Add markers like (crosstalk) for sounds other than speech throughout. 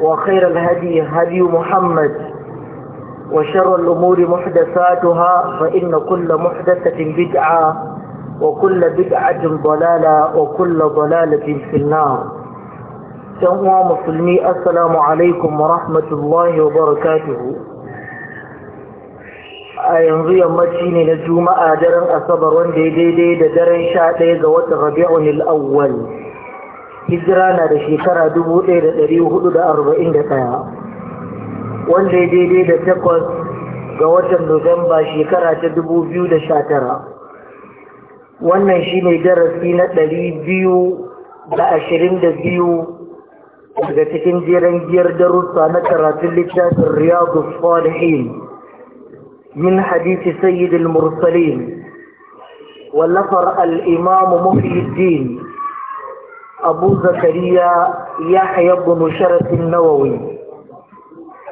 وخير الهدي هدي محمد وشر الأمور محدثاتها فإن كل محدثة بدعة وكل بدعة ضلالة وكل ضلالة في النار سموا مسلمي السلام عليكم ورحمة الله وبركاته a yanzu yammaci ne na juma'a daren asabar wanda ya daidai da daren sha ɗaya ga watan rabi'un al-awwal هجرة لشيكرة دبو إيرة دريوه دو أربعين دتايا وان دي دي دي دي تقوز غواتن نوزمبا شيكرة تدبو بيو دا شاترا وان نشيني جرس فينا دلي بيو دا أشرين دا بيو وذا تكين ديرن جير درو صانترا تلتا الرياض الصالحين من حديث سيد المرسلين ولفر الإمام مفي الدين أبو زكريا يحيى بن شرف النووي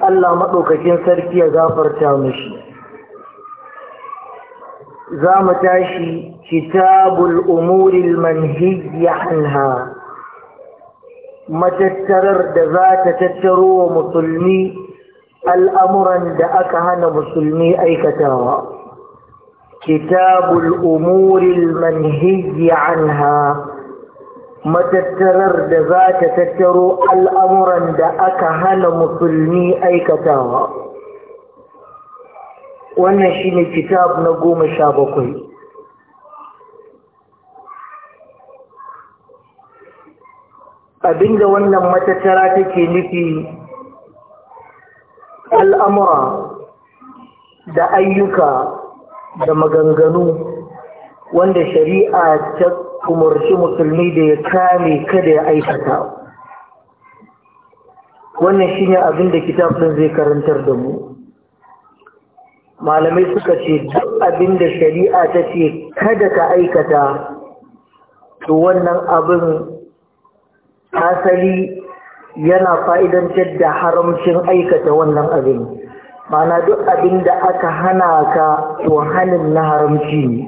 الله كين سركي غافر تامشي زام تاشي كتاب الأمور المنهي عنها متترر دذات تترو مسلمي عند أكهن مسلمي أي كتاب كتاب الأمور المنهي عنها matattarar da za ta tattaro al'amuran da aka hana musulmi aikatawa wannan shi ne kitab na goma sha bakwai abinda wannan matattara take nufi al'amura da ayyuka da maganganu wanda shari'a ta umarci musulmi da ya kame kada ya aikata wannan shi ne abin da kitabun zai karantar da mu malamai suka ce duk abin da shari'a ta ce kada ka aikata to wannan abin asali yana fa'idantar da haramcin aikata wannan abin mana duk abin da aka hana ka to hannun na haramci ne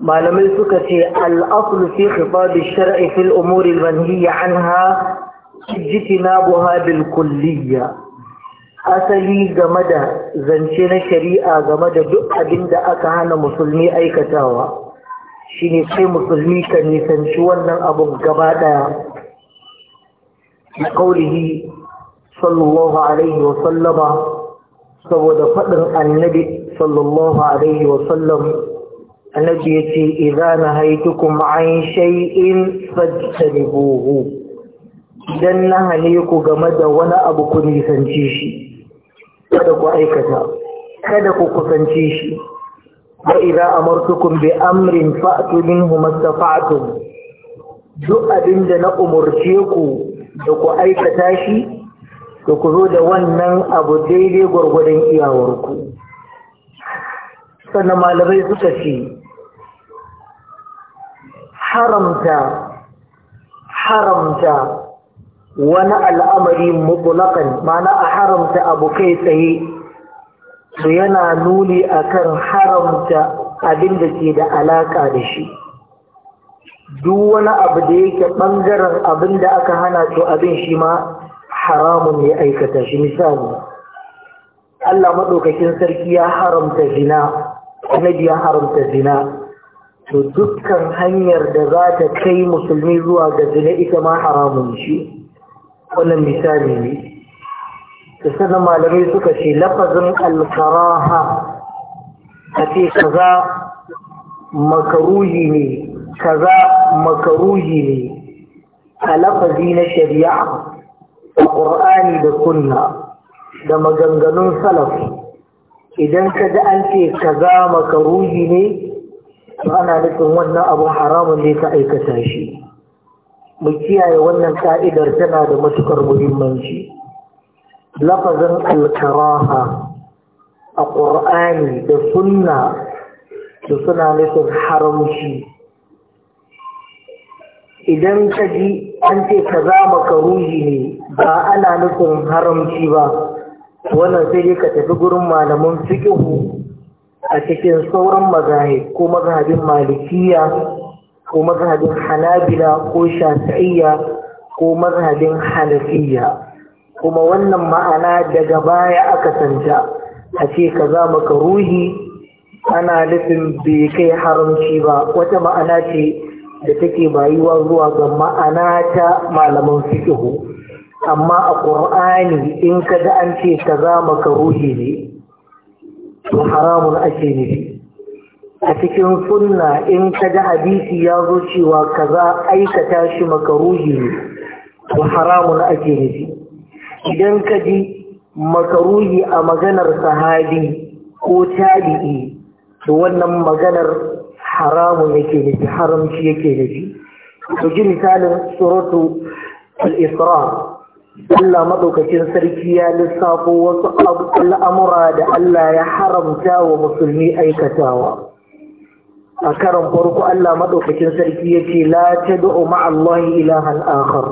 malamai suka ce al'aslu fi khifabi shar'i fil umuri manhiya Jiki na bil kulliyya asali game da zance na shari'a game da duk abin da aka hana musulmi aikatawa shine sai musulmi ka nisanci wannan abun gaba daya qaulihi sallallahu alaihi wa sallama saboda faɗin annabi sallallahu alaihi wa sallam annabi ya ce idan na haitukum an shay'in fajtanibuhu idan na hane ku game da wani abu ku nisanci shi kada ku aikata kada ku kusanci shi wa idan amartukum bi amrin fa'tu minhu mastata'tum duk abin da na umarce ku da ku aikata shi to ku zo da wannan abu daidai gwargwadon iyawarku sannan malamai suka ce haramta haramta wani al'amari mutulakan mana a haramta abu kai tsaye su yana nuni akan haramta abin da ke da alaka da shi duk wani abu da yake ɓangaren abin da aka hana to abin shi ma haramun ne aikata shi misali Allah maɗaukakin sarki ya haramta zina annabi ya haramta zina to dukkan hanyar da za ta kai musulmi zuwa ga zina ita ma haramun shi wannan misali ne da sana malamai suka ce lafazin alkaraha a ce kaza makaruhi ne kaza makaruhi ne a lafazi na shari'a a ƙur'ani da sunna da maganganun salaf idan ka ji an ce kaza makaruhi ne to ana nufin wannan abun haramun ne ka aikata shi mu kiyaye wannan ka'idar tana da matukar muhimmanci lafazin alkaraha a ƙur'ani da sunna su suna nufin haramci idan ka ji an ce ka za makaruhi ne ba ana nufin haramci ba wannan sai dai ka tafi gurin malamin fiƙihu a cikin sauran mazahib ko mazhabin malikiya ko mazhabin hanabila ko shafi'iyya ko mazhabin hanafiya kuma wannan ma'ana daga baya aka santa a ce ka za maka ruhi ana nufin bai kai haramci ba wata ma'ana ce da take bayuwa zuwa ga ma'ana ta malaman fiƙihu amma a ƙur'ani in ka da an ce ka za maka ruhi ne to haramun ake nufi a cikin sunna in ka ga hadisi ya zo cewa kaza aikata shi makaruhi ne to haramun ake nufi idan ka ji makaruhi a maganar sahabi ko tabi'i to wannan maganar haramun yake nufi haramci yake nufi to ji misalin suratu al-isra Allah maɗaukakin sarki ya lissafo wasu al'amura da Allah ya haramta wa musulmi aikatawa. A karan farko Allah maɗaukakin sarki ya ce, La ta da'o ma'allahi ilahan akhar,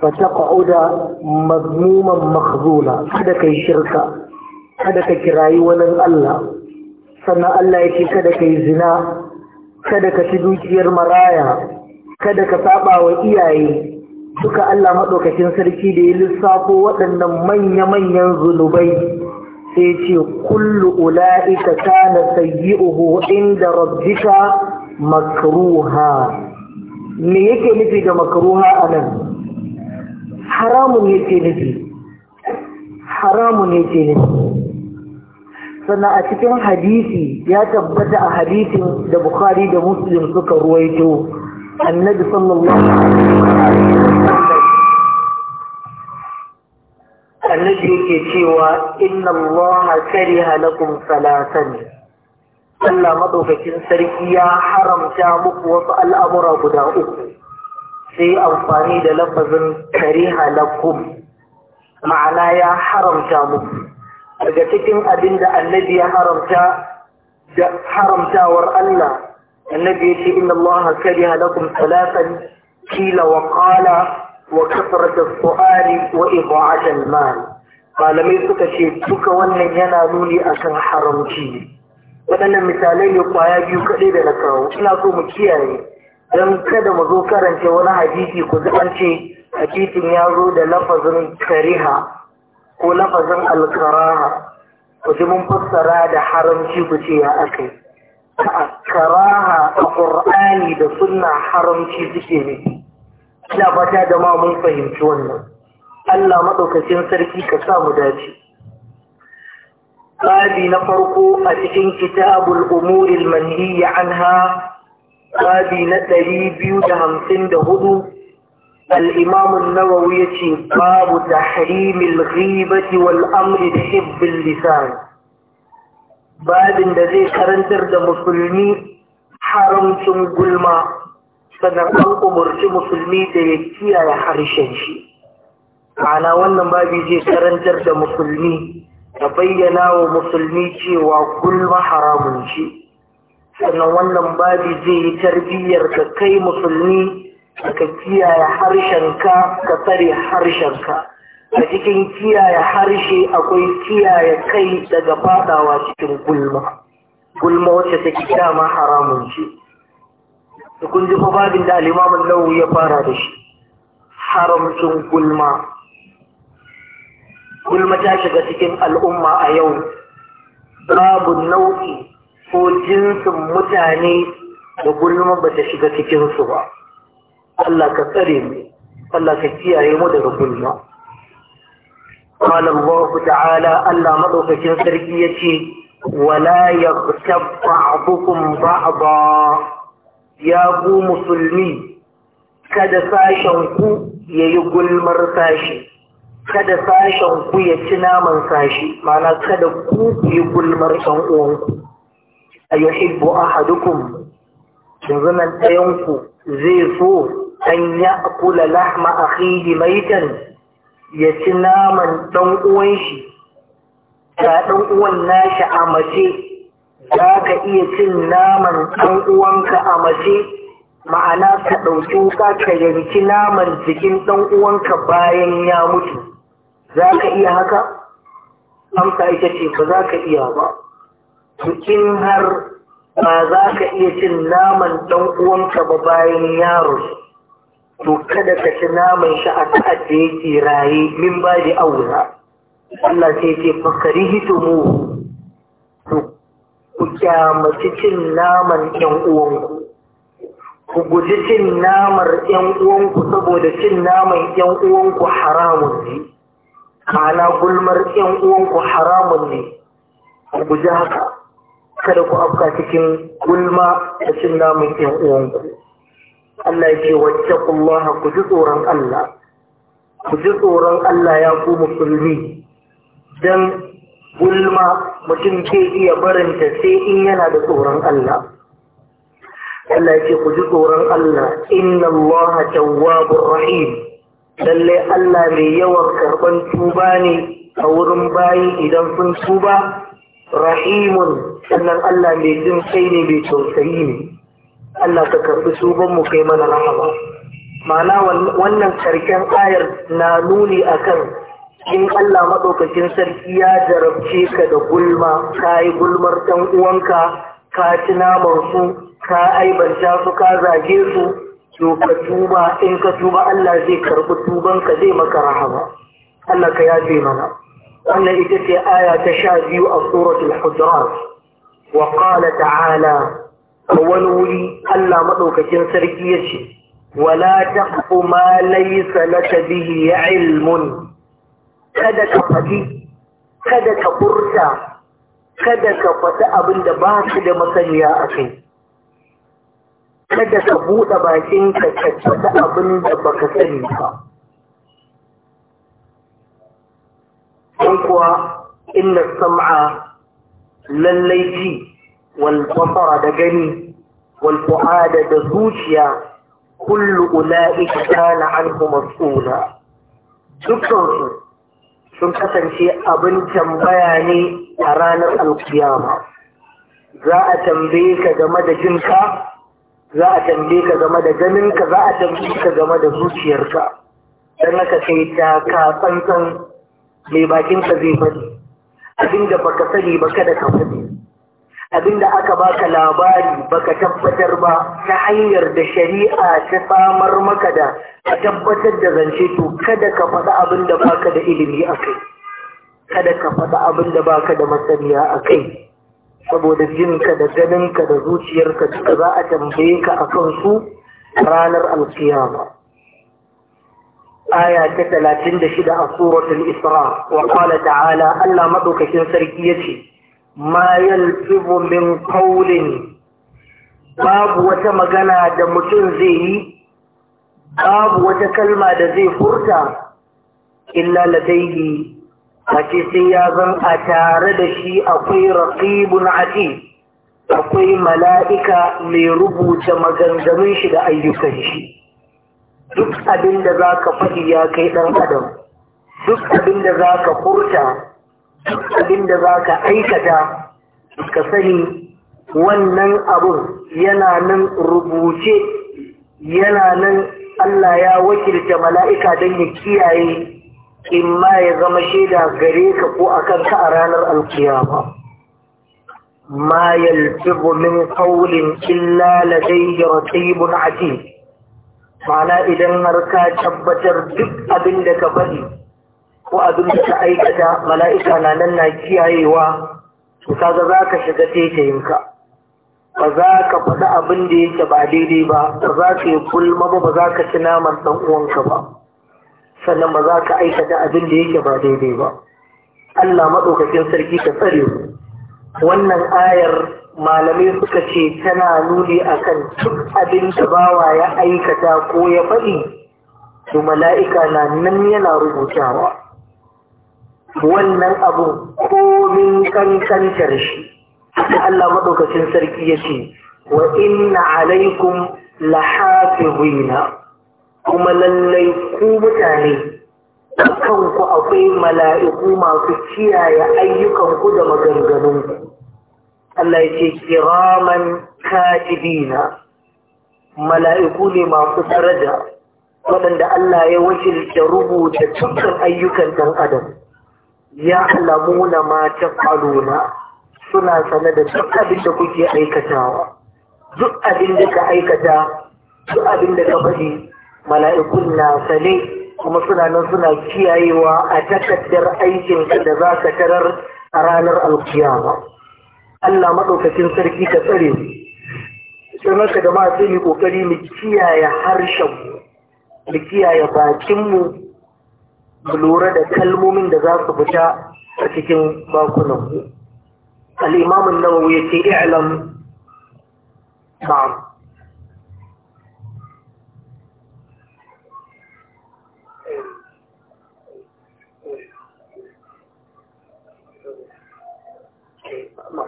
ba ta ƙa'uda mazmuman makhzula, kada ka yi shirka, kada ka kirayi wani Allah, sannan Allah ya ce kada ka yi zina, kada ka ci dukiyar maraya, kada ka saba wa iyaye, duka Allah maɗaukakin sarki da ya lissafo waɗannan manya-manyan zunubai sai ce kullu ula'ika kana sayyi'uhu inda rabbika makruha me yake nufi da makruha anan haramun yake nufi haramun yake nufi sannan a cikin hadisi ya tabbata a hadisin da bukari da Muslim suka ruwaito annabi sallallahu alaihi wasallam annabi yake cewa inna allaha kariha lakum salatan Allah madaukakin sarki ya haramta muku wasu al'amura guda uku sai amfani da lafazin "Kare lakum ma'ana ya haramta muku daga cikin abin da annabi ya haramta da haramtawar Allah النبي يشي إن الله كره لكم ثلاثا قيل وقال وكثرة السؤال وإضاعة المال قال ميسك شيء تك ونن ينالوني أكن حرمتي waɗannan misalai ne kwaya biyu kaɗai da na kawo ina so mu kiyaye Dan kada mu zo karanta wani hadisi ku an ce hadisin ya zo da lafazin kariha ko lafazin alkaraha ku ji mun fassara da haramci ku ce ya akai karaha a ƙur'ani da sunna haramci suke ne ina fata da ma mun fahimci wannan Allah maɗaukacin sarki ka samu mu dace na farko a cikin kitabul umuril manhiya anha ƙabi na ɗari biyu da hamsin da hudu الإمام babu يقول باب تحريم الغيبة da بحب lisani babin da zai karantar da musulmi haramcin gulma sannan an umarci musulmi da ya kiyaye harshen shi ma'ana wannan babi zai karantar da musulmi da bayyana wa musulmi cewa gulma haramun shi. sannan wannan babi zai yi tarbiyyar da kai musulmi ka kiyaye harshen ka ka tsare ka. a cikin kiyaye harshe akwai kiyaye kai daga fadawa cikin gulma gulma wacce take dama haramun ce kun ji babin da alimamin nawu ya fara da shi haramcin gulma gulma ta shiga cikin al'umma a yau babu nau'i ko jinsin mutane da gulma ba ta shiga cikinsu ba Allah ka tsare mu Allah ka kiyaye mu daga gulma قال الله تعالى ألا مضوك سرقية ولا يغتب بعضكم بعضا يا أبو مسلمي kada ku ya yi gulmar sashi kada sashen ku ya ci naman sashi mana kada ku yi gulmar 'yan uwanku a yuhibbu hadukun. yanzu nan ɗayanku zai so an ya akula lahma a maitan ya ci naman ɗan uwan shi ga ɗan uwan nashi a mace za ka iya cin naman ɗan uwanka a mace ma'ana ka ɗauki wuka ka yanki naman jikin ɗan uwanka bayan ya mutu za ka iya haka amsa ita ce ba za ka iya ba in har ba za ka iya cin naman ɗan uwanka ba bayan yaro to kada ka ci naman shi a ta'ad da yake raye min ba da aura Allah sai ce fakari hitumu to ku kyamaci cin naman 'yan uwanku ku guji cin namar 'yan uwanku saboda cin naman 'yan uwanku haramun ne kana gulmar 'yan uwanku haramun ne ku guji haka kada ku afka cikin gulma da cin naman 'yan uwanku Allah ya ce wattaqullaha ku ji tsoron Allah ku ji tsoron Allah ya ku musulmi dan gulma mutum ke iya barinta sai in yana da tsoron Allah Allah ya ce ku ji tsoron Allah inna Allah tawwabur rahim lallai Allah mai yawan karɓan tuba ne a wurin bayi idan sun tuba rahimun sannan Allah mai jin kai ne mai tausayi ne Allah ka karɓi tuban mu kai mana rahama ma'ana wannan karshen ayar na nuni akan in Allah maɗaukakin sarki ya jarabce ka da gulma ka yi gulmar ɗan uwanka ka ci naman su ka aibanta su ka zage su to ka tuba in ka tuba Allah zai karɓi ka zai maka rahama Allah ka yafe mana wannan ita ce aya ta sha biyu a suratul hujurat wa ta'ala a wani wuri Allah maɗaukakin sarki ya ce wala taqfu ma na ta bihi ilmun kada ka faɗi kada ka furta kada ka faɗi abin da ba ka da masaniya a kai kada ka buɗe bakin ka ka abin da baka sani ba don kuwa inna sam'a lallai ji والبصر دجني والفؤاد دزوشيا كل أولئك كان عنه مسؤولا دكتور sun kasance abin tambaya ne a ranar alkiyama za a tambaye ka game da jinka za a tambaye ka game da ganinka za a tambaye ka game da zuciyarka don haka kai ta ka tsantsan mai bakinka zai faɗi abin da baka sani ba kada ka faɗi abinda aka baka labari baka tabbatar ba ta hanyar da shari'a ta samar maka da ka tabbatar da zance to kada ka faɗa abin da baka da ilimi a kai kada ka faɗa abin da baka da masaniya a kai saboda jinka da ganinka da zuciyarka duka za a tambaye ka a kansu ranar alkiyama aya ta talatin da shida a suratul isra wa qala ta'ala Allah madaukakin sarki ce. ma yalfibu min qawlin babu wata magana da mutum zai yi babu wata kalma da zai furta illa ladaihi face sai ya zan a tare da shi akwai raqibun ati akwai mala'ika mai rubuta maganganun shi da ayyukan shi duk abin da za ka faɗi ya kai ɗan adam duk abin da za ka furta abin da za ka aikata ka sani wannan abun yana nan rubuce yana nan Allah ya wakilta mala'ika don ya kiyaye in ma ya zama shaida gare ka ko a kanka a ranar alkiyama. ما يلفظ من قول إلا لديه ma'ana idan har ka tabbatar duk abin da ka bari ko abin da ta aikata mala'ika na nan na kiyayewa to kaga za ka shiga taitayinka ba za ka faɗi abin da yake ba daidai ba ba za ka yi gulma ba ba za ka ci naman ɗan uwanka ba sannan ba za ka aikata abin da yake ba daidai ba Allah maɗaukakin sarki ka tsare mu wannan ayar malamai suka ce tana nuni akan duk abin da bawa ya aikata ko ya faɗi to mala'ika na nan yana rubutawa wannan abun komin kankantar shi Allah maɗaukacin sarki ya ce wa inna alaikum lahafizina kuma lallai ku mutane kanku akwai mala'iku masu kiyaye ayyukanku da maganganunku Allah ya ce kiraman katibina mala'iku ne masu daraja waɗanda Allah ya wakilta rubuta cikin ayyukan ɗan adam ya alamuna ma tafaluna suna sane da duk abin da kuke aikatawa duk abin da ka aikata duk abin da ka faɗi mala'ikun na sane kuma suna nan suna kiyayewa a takaddar aikin da za ka tarar a ranar alkiyama Allah maɗaukacin sarki ka tsare mu sai da ma sai ƙoƙari ƙoƙari mu kiyaye harshen mu kiyaye bakinmu. mu lura da kalmomin da za su fita a cikin bakunan nan النووي ce اعلم ba.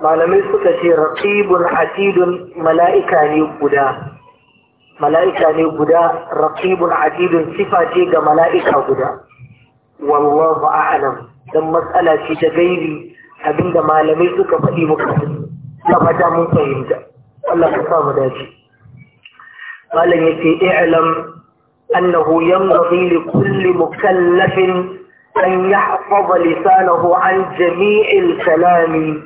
malamai suka ce raqibun atidun mala'ika ne guda mala'ika ne guda raqibun atidun sifa ce ga mala'ika guda والله أعلم لما مسألة شيء تغيري أبين لميتك عالمي سوك فهي مكتب لا بجا جاء قال ولا قصام داشي قال يتي اعلم أنه ينبغي لكل مكلف أن يحفظ لسانه عن جميع الكلام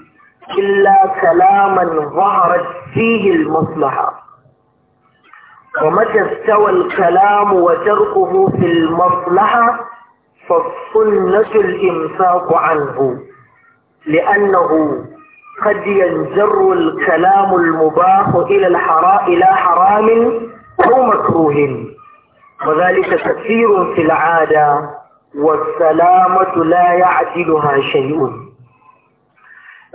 إلا كلاما ظهرت فيه المصلحة ومتى استوى الكلام وتركه في المصلحة فالسنة الإمساك عنه لأنه قد ينجر الكلام المباح إلى الحرام إلى حرام أو مكروه وذلك تكثير في العادة والسلامة لا يعدلها شيء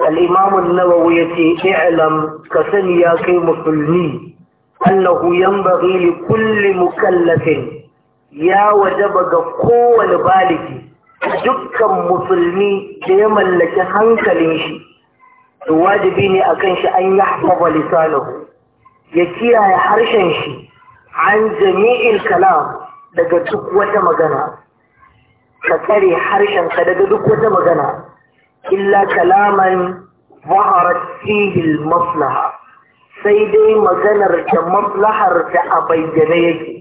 الإمام النووي اعلم كسن يا مسلمي أنه ينبغي لكل مكلف ya wajaba ga kowane baliki dukkan musulmi da ya mallaki hankalin shi to wajibi ne akan shi an yahfaza lisanahu ya kiyaye harshen shi an jami'il kalam daga duk wata magana ka tsare harshenka daga duk wata magana illa kalaman zaharat fihi maslaha sai dai maganar da maslahar da a bayyane yake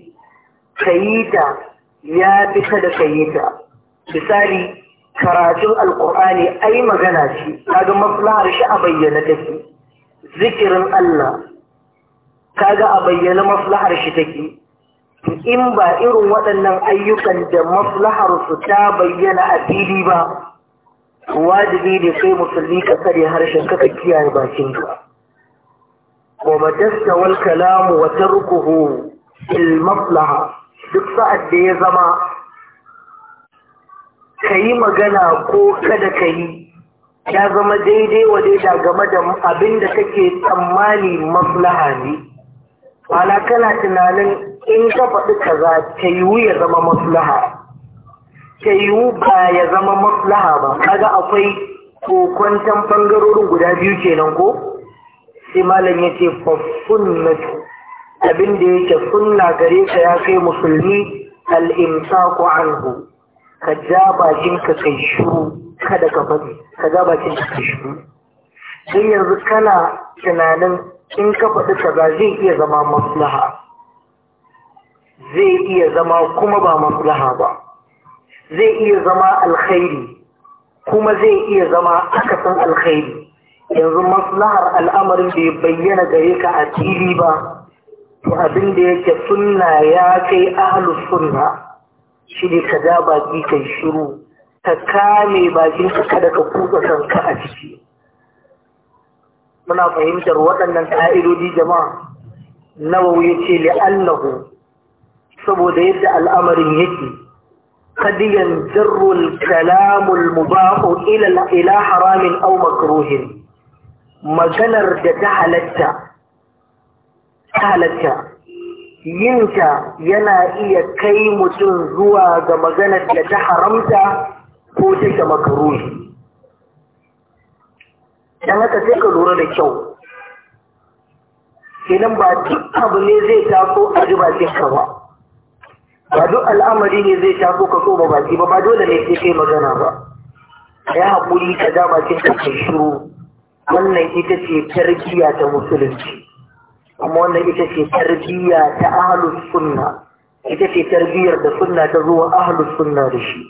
Kayita ya fi ta da kayita misali karatun alkur'ani ai magana ce kaga maslahar shi a bayyana take zikirin Allah kaga a bayyana maslahar shi take in ba irin waɗannan ayyukan da maslahar su ta bayyana a fili ba wajibi ne kai musulmi ka tsare harshen ka kiyaye bakin ka wa madasta wal kalamu wa tarkuhu il maslaha duk sa'ad da ya zama ka yi magana ko kada ka yi ya zama daidai wa da game da abin da kake tsammani maslaha ne wala kana tunanin in ka faɗi kaza ta yiwu ya zama maslaha ta yiwu ba ya zama maslaha ba kaga akwai kokwantan ɓangarorin guda biyu kenan ko sai malam ya ce faffun na abin da yake sunna gare ka ya kai musulmi al'imsaku hu ka ja bakin ka kai shuru kada ka faɗi ka ja bakin ka kai shuru don yanzu kana tunanin in ka faɗi ka ba zai iya zama maslaha zai iya zama kuma ba maslaha ba zai iya zama alkhairi kuma zai iya zama akasin alkhairi yanzu maslahar al'amarin bai bayyana gare ka a fili ba to abin da yake sunna ya kai ahlus sunna shi ne ka ja baki kai shiru ka kame bakin ka kada ka kuka kanka a ciki muna fahimtar waɗannan ƙa'idodi jama'a nawawi ya ce li'annahu saboda yadda al'amarin yake قد ينجر الكلام المباح إلى إلى حرام أو مكروه maganar da ta halatta halatta yinta yana iya kai mutum zuwa ga maganar da ta haramta ko take makaruni don haka sai ka lura da kyau idan ba duk abu ne zai taso a ji bakinka ba ba duk al'amari ne zai taso ka so ba baki ba ba dole ne sai kai magana ba ya haƙuri ka ja bakinka kai shiru wannan ita ce tarkiya ta musulunci amma wannan ita ce tarbiyya ta ahlus sunna ita ce tarbiyyar da sunna ta zuwa ahlus sunna da shi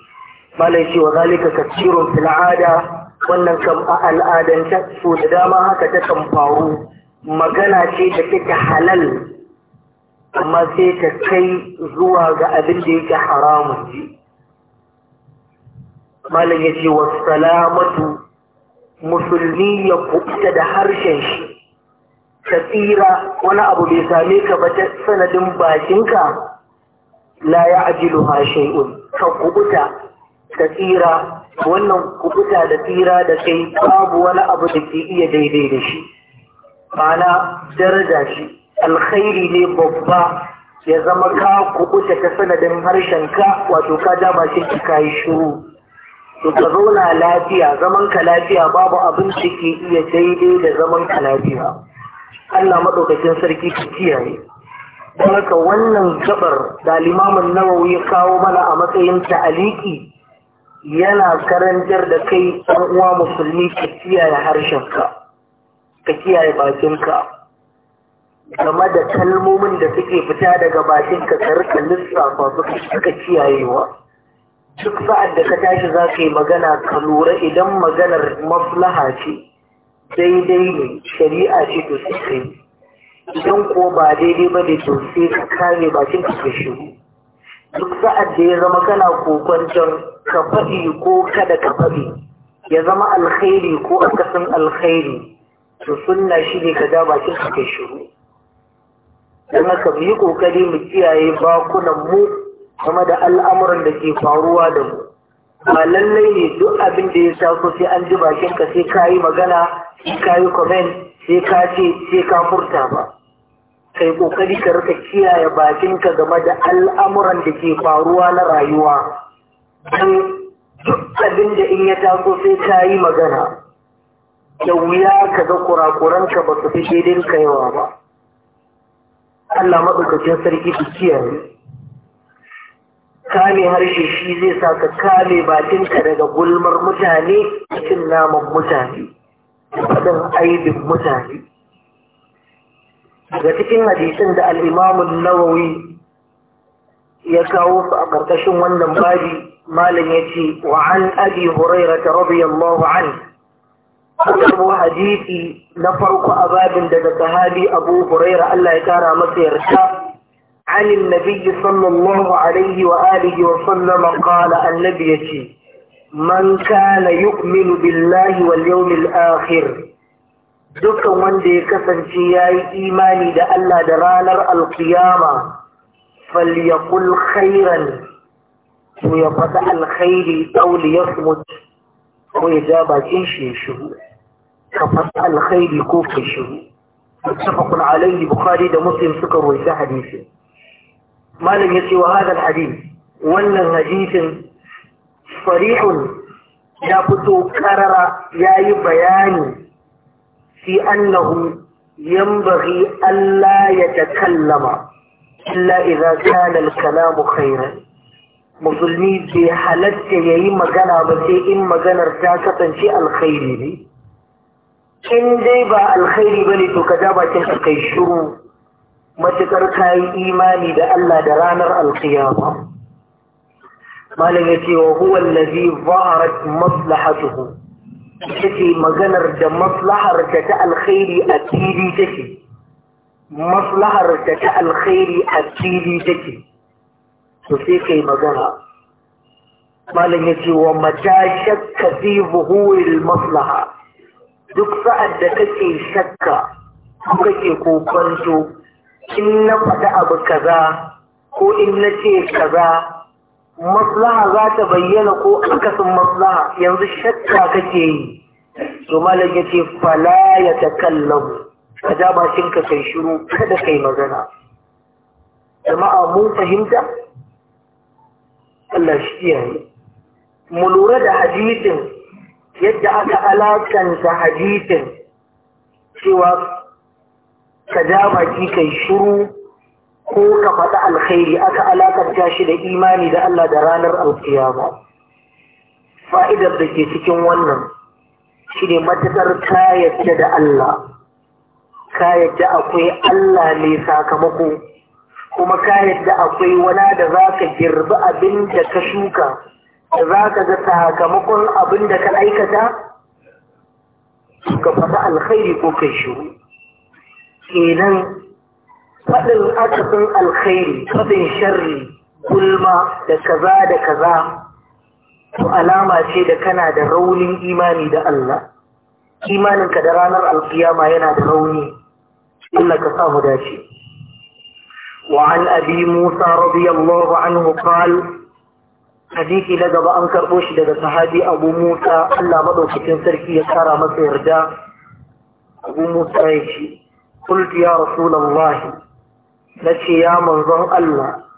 malai ce wa zalika kasirun fil ada wannan kam a al'adance so da dama haka ta kan faru magana ce da take halal amma sai ta kai zuwa ga abin da yake haramun malam ya ce wa salamatu musulmi ya kuɓuta da harshen shi ka tsira wani abu bai same ka ba ta sanadin bakinka la ya ajilu ha shay'un ka kubuta ka tsira wannan kubuta da tsira da kai babu wani abu da ke iya daidai da shi ma'ana daraja shi alkhairi ne babba ya zama ka kubuta ta sanadin harshen ka wato ka ja shi ki kai shiru to ka zauna lafiya zaman ka lafiya babu abin da ke iya daidai da zaman ka lafiya Allah maɗaukakin sarki ka kiyaye don haka wannan gabar da limamin nawawi ya kawo mana a matsayin ta'aliki yana karantar da kai ɗan uwa musulmi ka kiyaye harshenka ka kiyaye bakinka game da kalmomin da suke fita daga bakinka ka rika lissafa su suka kiyayewa duk sa'ad da ka tashi za ka yi magana ka lura idan maganar maslaha ce Sai dai ne shari'a ce to su idan ko ba daidai ba da to sai ka kame bakin ka shi duk sa'ad da ya zama kana kokwanton ka faɗi ko kada ka faɗi ya zama alkhairi ko akasin alkhairi to sunna shi ne ka ja bakin ka shi don haka mu yi kokari mu kiyaye bakunan mu game da al'amuran da ke faruwa da mu ba lallai ne duk abin da ya taso sai an ji bakin ka sai ka yi magana sai ka yi komen sai ka ce sai ka furta ba kai kokari ka rika kiyaye bakinka game da al'amuran da ke faruwa na rayuwa don duk abin da in ya taso sai ka yi magana da wuya ka ga kurakuranka ba su fi shaidin kaiwa ba Allah maɗaukacin sarki ki kiyaye kame harshe shi zai sa ka kame bakinka daga gulmar mutane cikin naman mutane faɗin aibin mutane daga cikin hadisin da al'imamun nawawi ya kawo su a ƙarƙashin wannan babi malin ya ce wa an abi huraira ta radiyallahu an karbo hadisi na farko a babin daga sahabi abu huraira Allah ya kara masa yarda عن النبي صلى الله عليه وآله وسلم قال النبي يتي man kana yu'minu billahi wal yawmil akhir dukkan wanda ya kasance yayi imani da Allah da ranar alkiyama falyakul khairan to ya faɗa alkhairi aw liyasmut ko ya ja bakin shi ya shiru ka faɗa alkhairi ko ka shiru متفق Bukhari da ده مسلم سكر ويسا حديثه مالا يتي وهذا الحديث Wannan الحديث Farihun, ya fito karara ya yi bayani fi annahu Allah ya يتكلم إلا إذا كان الكلام خيرا musulmi bai halatta ya yi magana ba sai in maganar ta kasance alkhairi ne in dai ba alkhairi ba ne to ka ja bakin ka kai shiru matuƙar ka yi imani da Allah da ranar alkiyama malam ya ce wa huwa allazi zaharat maslahatuhu ita ce maganar da maslahar ta ta alkhairi a fili take maslahar ta ta alkhairi a fili take Su sai kai magana malam ya mata shakka fi zuhuril maslaha duk sa'ad da kake shakka ko kake kokonto in na faɗi abu kaza ko in na ce kaza maslaha za ta bayyana ko akasin maslaha yanzu shakka kake yi to malam ya ce fala ya takallamu ka ja bakinka kai shiru kada kai magana jama'a mun fahimta Allah shi yayi mu lura da hadisin yadda aka alakanta hadisin cewa ka ja baki kai shiru ko ka faɗi alkhairi aka alakanta shi da imani da Allah da ranar alkiyama fa'idar da ke cikin wannan shi ne matuƙar ka da Allah ka akwai Allah mai sakamako kuma ka akwai wani da za ka girbi abin da ka shuka da za ka ga sakamakon abin da ka aikata ka faɗi alkhairi ko ka shiru kenan faɗin akasin alkhairi faɗin sharri gulma da kaza da kaza to alama ce da kana da raunin imani da Allah imaninka da ranar alkiyama yana da rauni Allah ka samu dace وعن أبي موسى رضي الله عنه قال hadisi na gaba an karɓo shi daga sahabi abu musa allah maɗaukakin sarki ya kara masa yarda abu musa ya ce kultu ya rasulallah na ce ya manzon Allah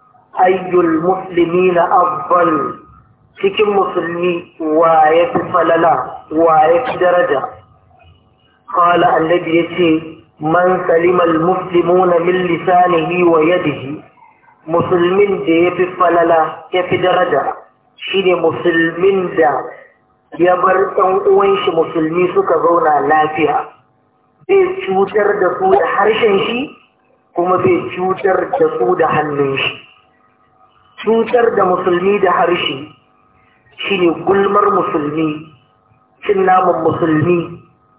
ayyul musulmi na abban cikin musulmi wa ya fi falala wa ya fi daraja kala annabi ya ce man salimal Musulmi na min wa yadihi musulmin da ya fi falala ya fi daraja shine musulmin da ya bar 'yan uwanshi musulmi suka zauna lafiya zai cutar da su da harshen shi kuma zai cutar da su da hannun shi cutar da musulmi da harshe shine gulmar musulmi cin naman musulmi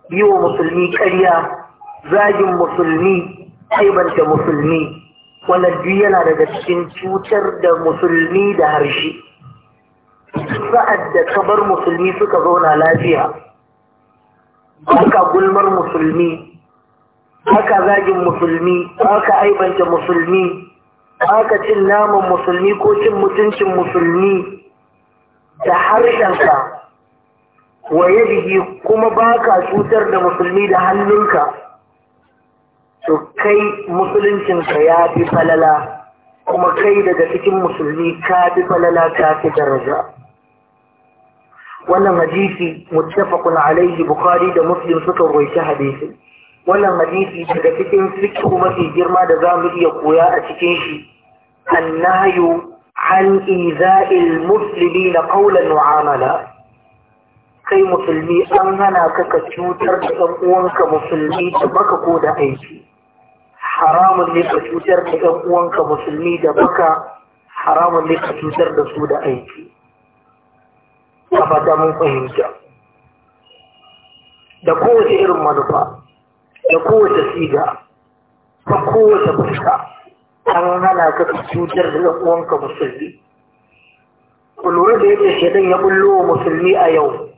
yi wa musulmi karya zagin musulmi aibanta musulmi wannan duk yana daga cikin cutar da musulmi da harshe sa'ad da kabar musulmi suka zauna lafiya ba gulmar musulmi haka zagin musulmi haka aibanta musulmi haka cin naman musulmi ko cin mutuncin musulmi da harshenka wa yadihi kuma baka cutar da musulmi da hannunka to kai musuluncinka ya fi falala kuma kai daga cikin musulmi ka fi falala ka fi daraja wannan hadisi muttafaqun alaihi bukhari da muslim suka rawaita hadisi. wannan hadisi daga cikin fikihu mafi girma da za mu iya koya a cikin shi annahu, an iza'il muslimi na kaulan wa'amala kai musulmi an hana ka ka cutar da ɗan uwanka musulmi da baka ko da aiki haramun ne ka cutar da ɗan uwanka musulmi da baka haramun ne ka cutar da su da aiki a fata mun fahimta da kowace irin manufa da kowace siga ta kowace fuska an hana ka cutar da uwanka musulmi ku lura da yadda shaidan ya bullo wa musulmi a yau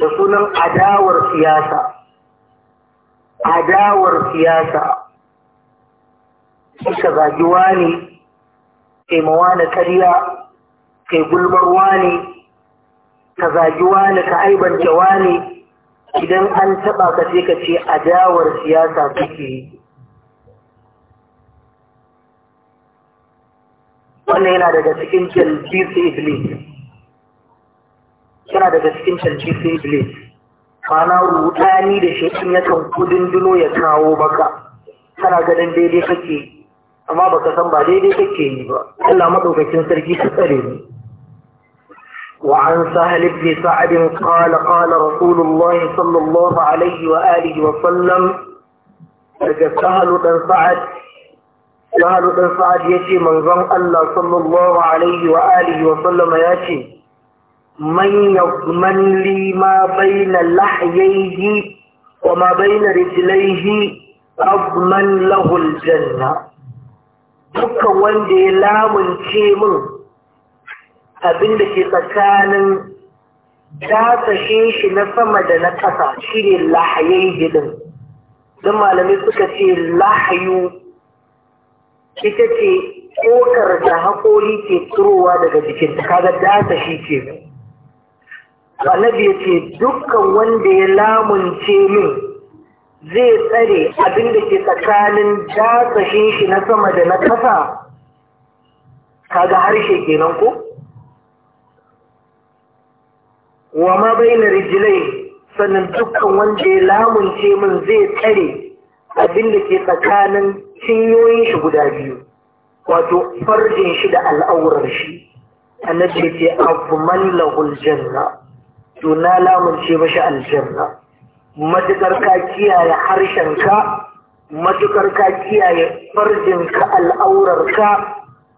da sunan adawar siyasa adawar siyasa suka zagi wani kai mawa karya kai gulmar wani ka zagi wani ka aibanta wani idan an taɓa ka ce ka ce adawar siyasa suke, yi wannan yana daga cikin jalbisi iblis yana daga cikin jalbisi iblis mana rudani da shekin ya kan kudin dino ya kawo baka kana ganin daidai kake amma baka san ba daidai kake yi ba Allah maɗaukakin sarki ka tsare ni وعن سهل بن سعد قال قال رسول الله صلى الله عليه وآله وسلم سهل بن سعد سهل بن سعد يشي من ظن الله صلى الله عليه وآله وسلم يشي من يضمن لي ما بين لحييه وما بين رجليه أضمن له الجنة دك وندي لا من شيء منه abin da ke tsakanin dasashin shi na sama da na ƙasa shi ne lahayai jidin don malamai suka ce lahayu ita ce ƙokar da haƙori ke turowa daga jikin kaga dasashi ke annabi ya ce dukkan wanda ya lamunce min zai tsare abin da ke tsakanin dasashin shi na sama da na ƙasa kaga harshe kenan ko wa ma na rijlai sannan dukkan wanda ya lamunce min zai tsare abin da ke tsakanin cinyoyin shi guda biyu wato farjin shi da al'aurar shi annabi ya ce afman lahul janna to na lamunce mashi aljanna matukar ka kiyaye harshen ka matukar ka kiyaye farjin ka al'aurar ka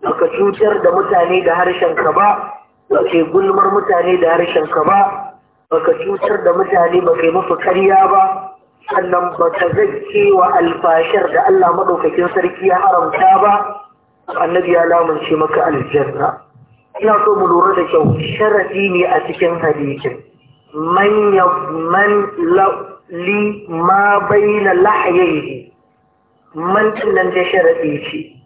baka cutar da mutane da harshen ka ba Baka gulmar mutane da harshen ka ba baka cutar da mutane baka yi musu karya ba sannan baka zake wa alfashar da Allah madaukakin sarki ya haramta ba annabi ya lamunce maka aljanna ina so mu lura da kyau sharadi ne a cikin hadisin man man li ma baina lahayhi man tunan da sharadi ce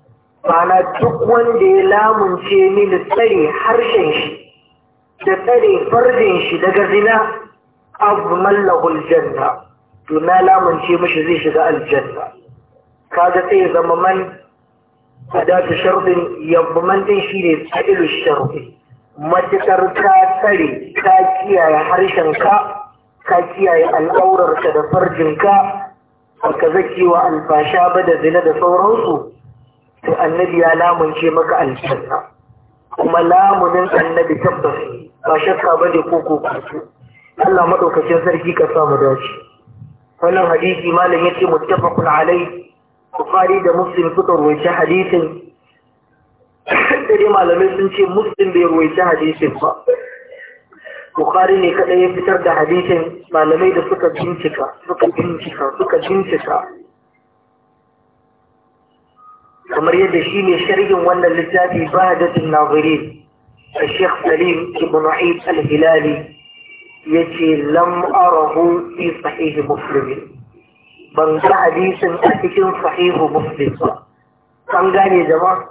Mana duk wanda ya lamunce mini tsare harshen shi da tsare farjin shi daga zina abu mallahul janna to na lamunce mishi zai shiga aljanna kaga sai ya zama man adatu sharfin yabman din shi ne tsadilu sharfi matukar ka tsare ka kiyaye harshen ka ka kiyaye al'aurarka da farjin ka zaki wa alfasha ba da zina da sauransu to annabi ya lamunce maka aljanna kuma lamunin annabi tabbas ba shakka ne ko ko kusu Allah madaukakin sarki ka sa mu dace wannan hadisi malam yace muttafaqun alai bukhari da muslim suka rawaita hadisin dai malamai sun ce muslim bai rawaita hadisin ba Bukhari ne kadai ya fitar da hadisin malamai da suka bincika, suka bincika, suka bincika. kamar yadda shi ne sharhin wannan littafi bahadatun nazirin Al-Hilali بن عيد الهلالي يتي لم أره Ban ga مسلم a cikin أتكن صحيح ba. an gane jama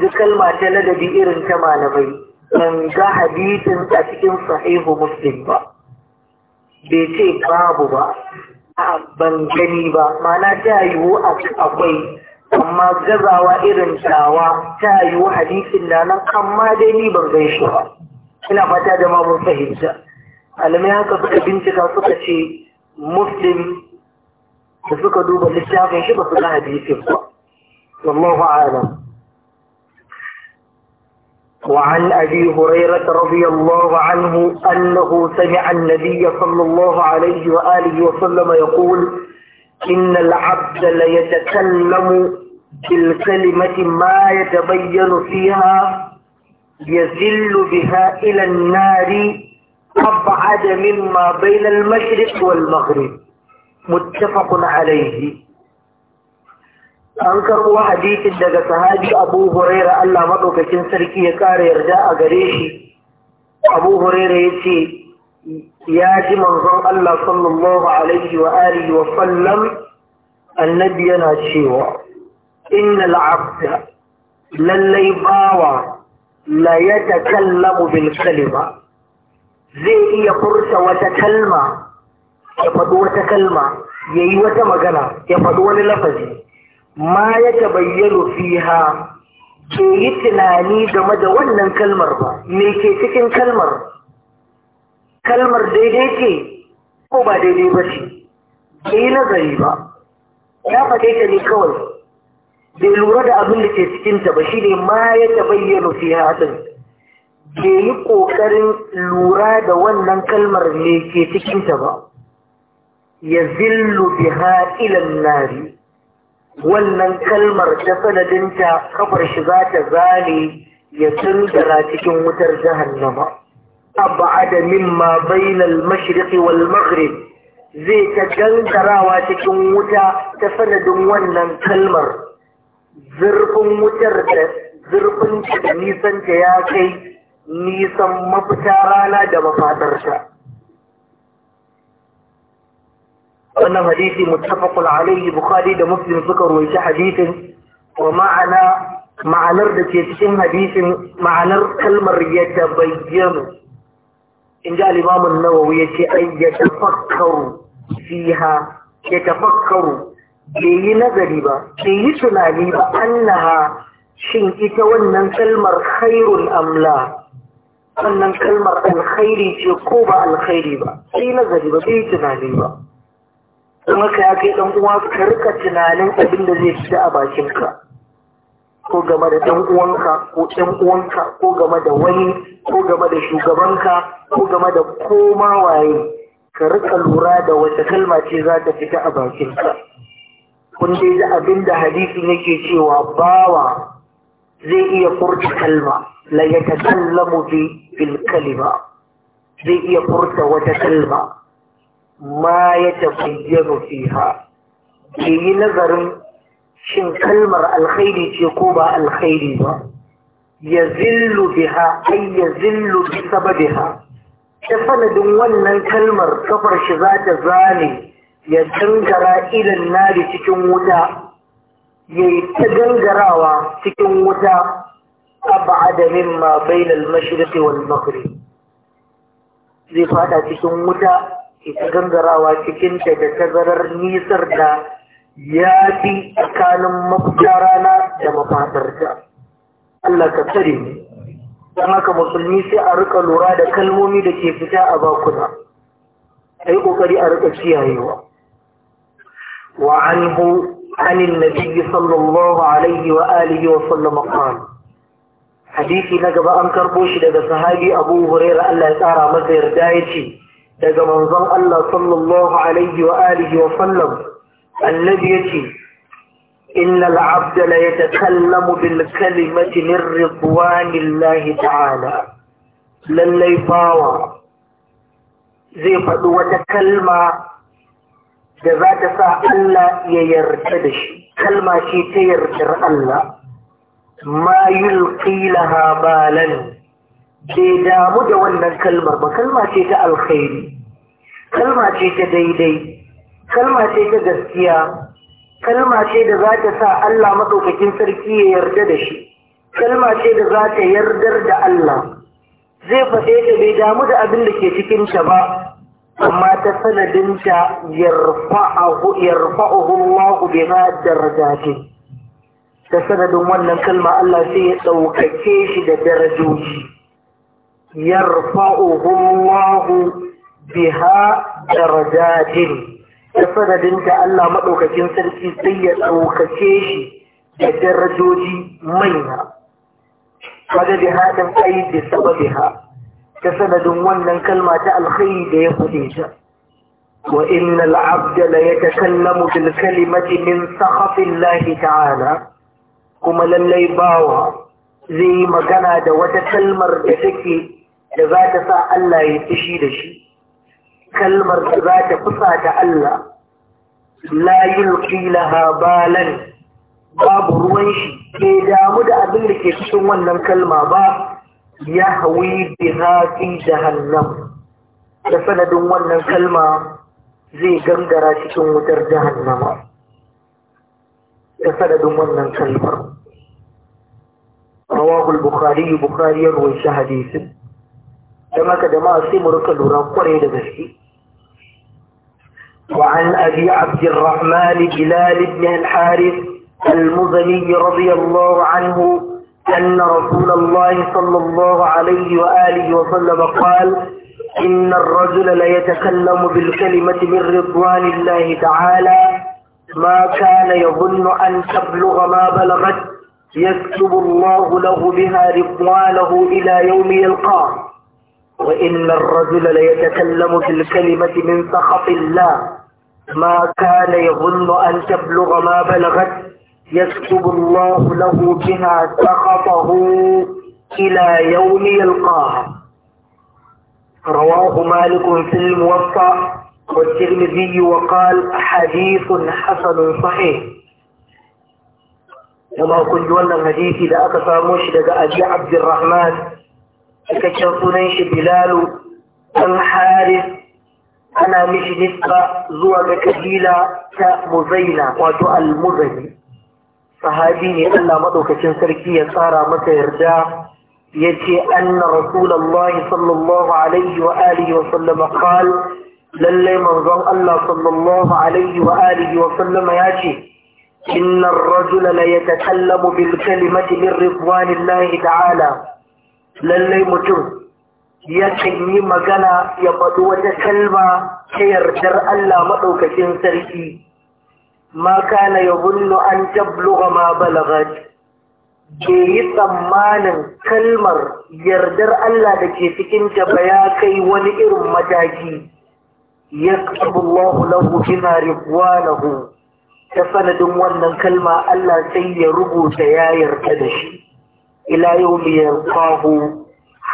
duk kalma ta ladabi irin ta malamai ban ga hadisin a cikin sahihu muslim ba bai ce babu ba a ban gani ba mana ta yiwu akwai أما جزا وإرن شاوا تاي وحدي إلا نقم ما ديني بغي شوا إلا ما فتاة ما بفهم شا ألمي هكا فكا بنتك فكا شي مسلم فكا دوبا لشافي شبا فكا حديثي فكا والله أعلم وعن أبي هريرة رضي الله عنه أنه سمع النبي صلى الله عليه وآله وسلم يقول إن العبد ليتكلم بالكلمة ما يتبين فيها يزل بها إلى النار أبعد مما بين المشرق والمغرب متفق عليه أنكر حديث دقة هذه أبو هريرة ألا مدوك كنسر كي يكار رجاء غريشي أبو هريرة يتي ya ji manzon Allah sallallahu alaihi wa alihi wa sallam annabi yana cewa innal abda lallai bawa la yatakallamu bil kalima zai iya furta wata kalma ya faɗi wata kalma ya yi wata magana ya faɗi wani lafazi ma ya tabayyano fiha ke yi tunani game da wannan kalmar ba me ke cikin kalmar kalmar daidai ce ko ba daidai ba ce bai nazari ba ya faɗe ta ne kawai bai lura da abin da ke cikinta ba shi ne ma ya tabayyana fi haɗin bai yi ƙoƙarin lura da wannan kalmar ne ke cikinta ba ya zillu biha ilan nari wannan kalmar ta sanadinta kafar shi za ta zane ya tsundara cikin wutar jahannama أبعد مما بين المشرق والمغرب زي تجل تراوى تكون متى تفرد ونن كلمر زرق مترد زرق نيسا كياكي نيسا مبتارانا دم فاترشا أنا حديثي متفق عليه بخاري دا مسلم سكر حديث حديثي ومعنى معنى رد كيتشم حديثي معنى كلمر يتبينه in ji alimamun nawawi ya ce ai ya tafakkaru fiha ya tafakkaru bai yi nazari ba bai yi tunani ba annaha shin ita wannan kalmar khairun amla wannan kalmar alkhairi ce ko ba alkhairi ba sai nazari ba sai tunani ba Kuma haka ya kai dan uwa ka rika tunanin abin da zai fita a bakinka ko game da ɗan uwanka ko ɗan uwanka ko game da wani ko game da shugabanka ko game da koma waye ka rika lura da wata kalma ce za ta fita a bakinka kun dai da abin da hadisin yake cewa bawa zai iya furta kalma la yatakallamu bi fil kalima zai iya furta wata kalma ma ya fi fiha ke yi nazarin shin kalmar alkhairi ce ko ba alkhairi ba ya zillu biha ai ya zillu bi sababiha ta sanadin wannan kalmar kafar shi za ta zane ya gangara ilan nari cikin wuta ya yi ta gangarawa cikin wuta abada mimma bainal mashriqi wal maghrib zai fada cikin wuta ta gangarawa cikin ta da tazarar nisar da ya fi tsakanin mafita da mafadarta Allah ka tsare ne don haka musulmi sai a rika lura da kalmomi da ke fita a bakuna a yi ƙoƙari a rika kiyayewa wa anhu anin nabiyyi sallallahu alaihi wa alihi wa sallama qala hadisi na gaba an karɓo shi daga sahabi abu huraira Allah ya tsara masa yarda ya ce daga manzon Allah sallallahu alaihi wa alihi wa sallam annabi yace, ce inna al'abda ya ta kallamu kalimati min ridwanillahi ta'ala lallai Fawa zai faɗi wata kalma da za ta sa Allah ya yarda da shi kalma ce ta yardar Allah ma yulqi laha bai damu da wannan kalmar ba kalma ce ta alkhairi kalma ce ta daidai kalma ce ta gaskiya kalma ce da za ta sa Allah maɗaukakin sarki ya yarda da shi kalma ce da za ta yardar da Allah zai faɗe ta bai damu da abin da ke cikin ta ba amma ta sanadin ta yarfa'ahu yarfa'uhu Allah biha darajatin ta sanadin wannan kalma Allah sai ya ɗaukake shi da darajoji yarfa'uhu Allah biha darajatin da sanadinta Allah maɗaukakin sarki sai ya ɗaukace shi da darajoji manya wadda da haɗin ai da ha ta sanadin wannan kalma ta alkhairi da ya kuɗe ta wa inna al'abda la yatakallamu bil kalimati min sakhafin lahi ta'ala kuma lallai bawa zai yi magana da wata kalmar da take da za ta sa Allah ya fishi da shi kalmar da za ta fusata Allah la yulqi laha balan babu ruwan shi ke damu da abin da ke cikin wannan kalma ba ya hawi biha da jahannam da sanadin wannan kalma zai gangara cikin wutar jahannama da sanadin wannan kalmar رواه البخاري Don haka da ma sai mu rika lura kwarai da gaske وعن أبي عبد الرحمن بلال بن الحارث المزني رضي الله عنه أن رسول الله صلى الله عليه وآله وسلم قال إن الرجل ليتكلم بالكلمة من رضوان الله تعالى ما كان يظن أن تبلغ ما بلغت يكتب الله له بها رضوانه إلى يوم يلقاه وإن الرجل ليتكلم بالكلمة من سخط الله ما كان يظن أن تبلغ ما بلغت يكتب الله له بها سخطه إلى يوم يلقاها رواه مالك في الموطأ والترمذي وقال حديث حسن صحيح وما كنت ولا الحديث إذا أكفى مشدد أبي عبد الرحمن تكشفنيش بلال الحارث ana mishi nisba zuwa ga kabila ta muzaina wato almuzani. sahabi ne Allah madaukakin sarki ya tsara masa yarda yace anna rasulullahi sallallahu alaihi wa alihi wa sallama qala lalle manzon Allah sallallahu alaihi wa alihi wa sallama yace إن الرجل ليتكلم بالكلمة من رضوان الله تعالى للي mutum. yakan yi magana ya faɗi wata kalma ta yardar Allah maɗaukacin sarki ma kana ya bullo an tabluga ma balagat ke yi tsammanin kalmar yardar Allah da ke cikin ba ya kai wani irin mataki ya ƙabullahu lahu bima ridwanahu ta sanadin wannan kalma Allah sai ya rubuta ya yarda da shi ila yau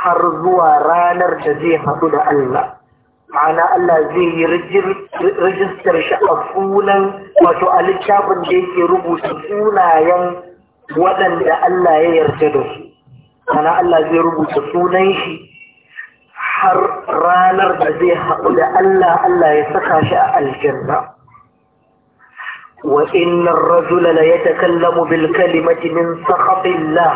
har zuwa ranar da zai haɗu da Allah ma'ana Allah zai yi rijistar shi a sunan wato a littafin da yake rubuta sunayen waɗanda Allah ya yarda da su ma'ana Allah zai rubuta sunan shi har ranar da zai haɗu da Allah Allah ya saka shi a aljanna وإن الرجل ليتكلم بالكلمة من سخط الله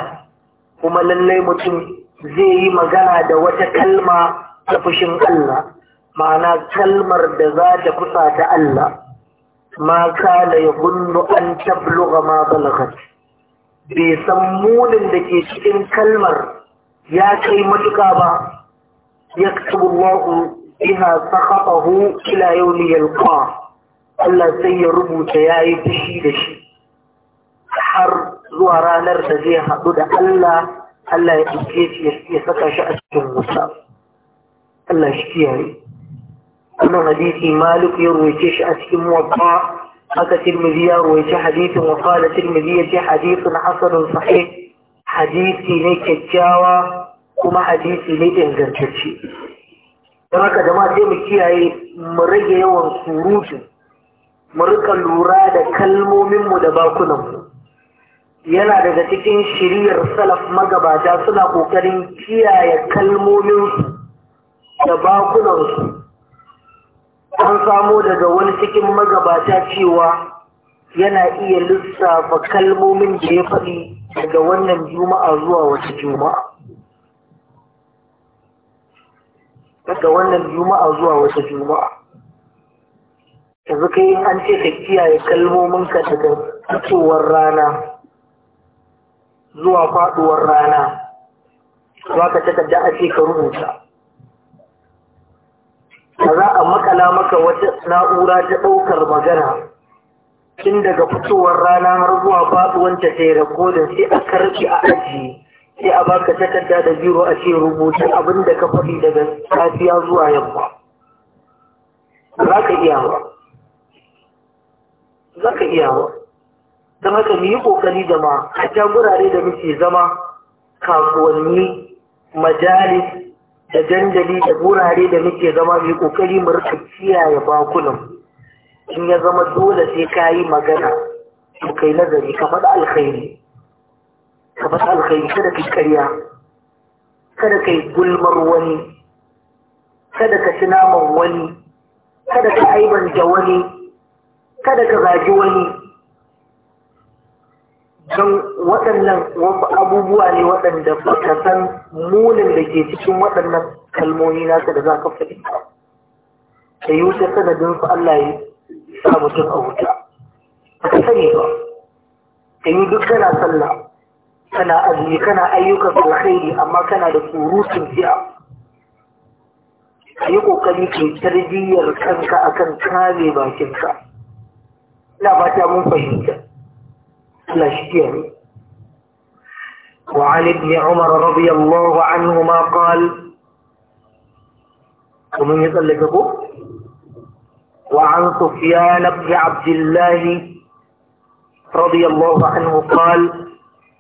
kuma لن يمتن zai yi magana da wata kalma ta fushin Allah ma'ana kalmar da za ta kusa ta Allah ma da ya gunnu an tabluga ma balagat bai san munin da ke cikin kalmar ya kai matuka ba ya Allahu hu, sakhatahu ila yawmi yalqa Allah sai ya rubuta yayi fushi da shi har zuwa ranar da zai haɗu da Allah Allah ya ɗauke shi ya saka shi a cikin wuta Allah shi kiyaye wannan hadisi Malik ya ruwaice shi a cikin wata. haka Tirmidhi ya ruwaice hadisin wa qala Tirmidhi ya ce hadisin hasanun sahih hadisi ne kyakkyawa kuma hadisi ne ingantacce don haka jama'a sai mu kiyaye mu rage yawan surutu mu rika lura da kalmomin mu da mu. yana daga cikin shiriyar salaf magabata suna ƙoƙarin kiyaye kalmominsu da bakunansu an samo daga wani cikin magabata cewa yana iya lissafa kalmomin da ya faɗi daga wannan juma'a zuwa wata juma'a daga wannan juma'a zuwa wata juma'a yanzu kai an ce ka kiyaye kalmominka daga fitowar rana zuwa faɗuwar rana za ka takarda a ce ka rubuta a za a makala maka wata na'ura ta ɗaukar magana tun daga fitowar rana har zuwa faɗuwanta ta yi rakodin sai a karfi a ajiye sai a baka takarda da biro a ce rubutu, abin da ka faɗi daga safiya zuwa yamma za ka iya ba za ka iya ba don haka mu yi ƙoƙari zama a can gurare da muke zama kasuwanni majalis da dandali da gurare da muke zama mu yi ƙoƙari mu rika kiyaye bakunan in ya zama dole sai ka yi magana to kai nazari ka faɗa alkhairi ka faɗa alkhairi kada ka karya kada ka gulmar wani kada ka ci naman wani kada ka aibanta wani kada ka zagi wani don waɗannan abubuwa ne waɗanda ka san munin da ke cikin waɗannan kalmomi nasa da za ka faɗi Ka yi wuce sanadin su Allah ya sa mutum a wuta ba ka sani ba da yi duk kana sallah kana azumi kana ayyukan alkhairi amma kana da surutun fiya a yi ƙoƙari ke tarbiyyar kanka akan kare bakinka ina ba ta mun fahimta الأشجعي وعن ابن عمر رضي الله عنهما قال ومن يصلي وعن سفيان بن عبد الله رضي الله عنه قال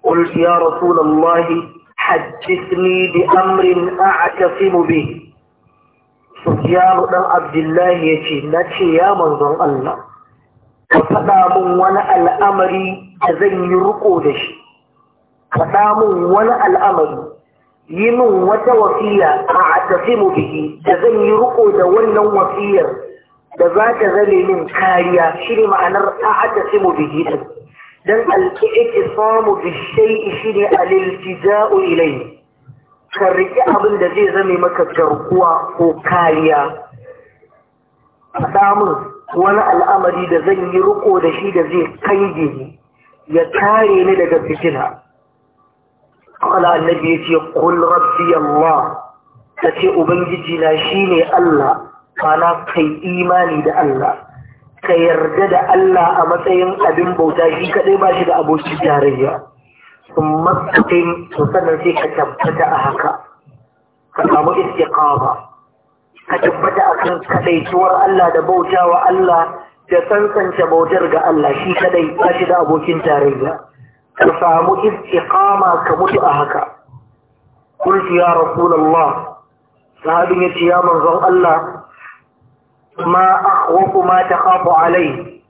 قلت يا رسول الله حدثني بأمر أعتصم به سفيان بن عبد الله يتي نتي يا منظر الله ka faɗa min wani al'amari da zan yi riko da shi faɗa min wani al'amari yi min wata wasiya a mu biki da zan yi riko da wannan wasiyar da za ta zame min kariya shi ne ma'anar a atasimu biki din dan alƙi'iki samu bishai shi ne aliljija'u ilai ka riƙi abin da zai zame maka garkuwa ko kariya faɗa min wani al'amari da zan yi riko da shi da zai kange ni ya kare ni daga fitina kala annabi ya ce kul rabbi Allah ta ce ubangiji na shine Allah kana kai imani da Allah ka yarda da Allah a matsayin abin bauta shi kaɗai ba shi da abokin tarayya sun matsayin to sai ka tabbata a haka ka samu istiqama ka tabbata a kan kaɗaituwar Allah da bautawa Allah da tsantsanta bautar ga Allah shi kaɗai ba shi da abokin tarayya ka samu istiqama ka mutu a haka qultu ya rasulullah sahabin yace ya manzon Allah ma akhwafu ma takhafu alai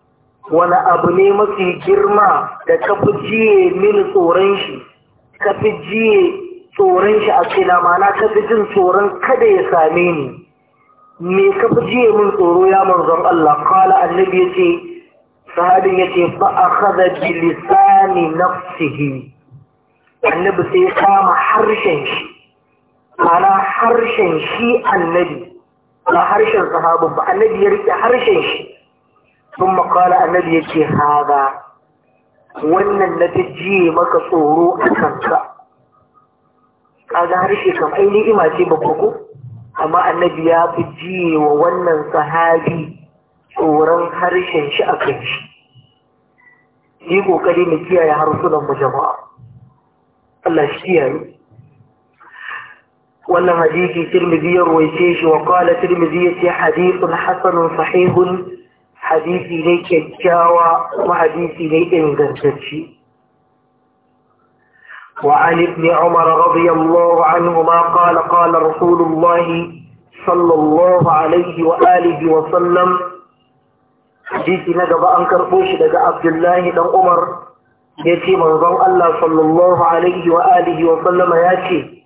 wani abu ne mafi girma da ka fi jiye min tsoron shi ka fi jiye tsoron shi a kaina mana ka fi jin tsoron kada ya same ni me ka fi jiye min tsoro ya manzon Allah kala annabi ya ce sahabin ya ce ba a kaza bi lisani nafsihi annabi sai ya kama harshen shi mana harshen shi annabi ba harshen sahabin ba annabi ya rike harshen shi sun makala annabi ya ce haza wannan na ta jiye maka tsoro a kanka kaga harshe kam ainihin ima ce babba ko amma annabi ya fi jiye wa wannan sahabi tsoron harshen shi a kan shi yi mu kiyaye harsunan mu jama'a Allah shi kiyaye wannan hadisi tirmidhi ya ruwaice shi wa qala tirmidhi ce hadithun hasanun sahihun hadisi ne kyakkyawa kuma hadisi ne ingantacce وعن ابن عمر رضي الله عنهما قال قال رسول الله صلى الله عليه وآله وسلم حديث نجب أن كربوش لدى عبد الله بن عمر يتي منظر الله صلى الله عليه وآله وسلم ياتي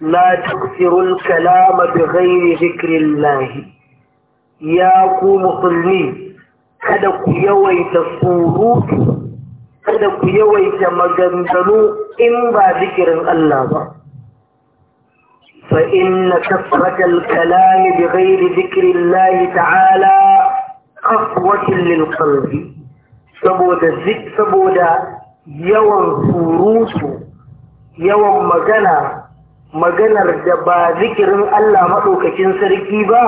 لا تكثر الكلام بغير ذكر الله يا كو مسلمين kada ku yawaita surutu kada ku yawaita maganganu in ba zikirin Allah ba fa inna kasratal kalam bi ghairi dhikri Allah ta'ala qaswatun lil qalbi saboda zik saboda yawan furutu, yawan magana maganar da ba zikirin Allah maɗaukakin sarki ba,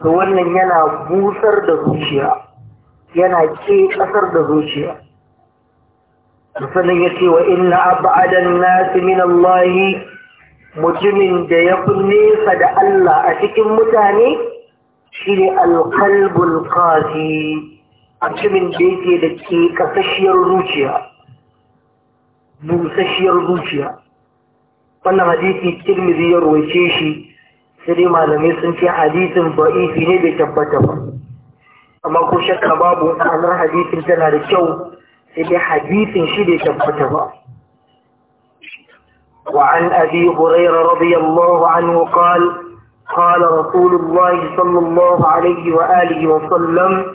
to wannan yana busar da zuciya, yana ke ƙasar da zuciya. sannan ya ce wa inna abadan nasi min mutumin da ya fi nesa da Allah a cikin mutane shi ne alkalbul kazi mutumin da yake da ke kasashiyar zuciya busashiyar zuciya wannan hadisi tirmidhi ya ruwaice shi sai dai malamai sun ce hadisin ba'ifi ne bai tabbata ba amma ko shakka babu ma'anar hadisin tana da kyau sai حديث شديد shi وعن أبي هريرة رضي الله عنه قال قال رسول الله صلى الله عليه وآله وسلم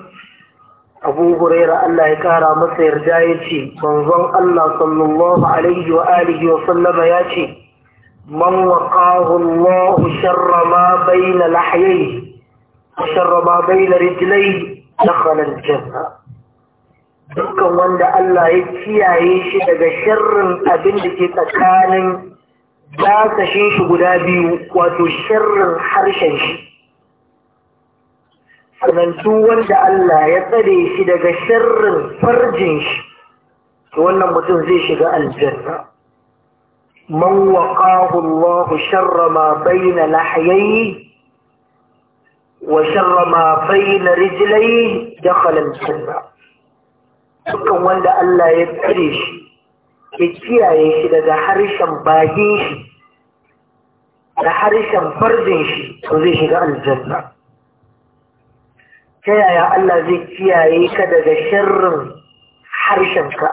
أبو هريرة الله يكارى مصير جايتي منظم الله صلى الله عليه وآله وسلم ياتي من وقاه الله شر ما بين لحييه وشر ما بين رجليه دخل الجنة dukkan wanda Allah ya kiyaye shi daga sharrin abin da ke tsakanin dasashin shi guda biyu wato sharrin harshen shi sanantu wanda Allah ya tsare shi daga sharrin farjin shi wannan mutum zai shiga aljanna man waqahu Allah sharrama ma bayna lahayyi wa sharra bayna rijlayhi dakhala aljanna dukkan wanda Allah ya tsare shi ya kiyaye shi daga harshen bagin shi da harshen farjin shi to zai shiga aljanna ta yaya Allah zai kiyaye ka daga sharrin harshenka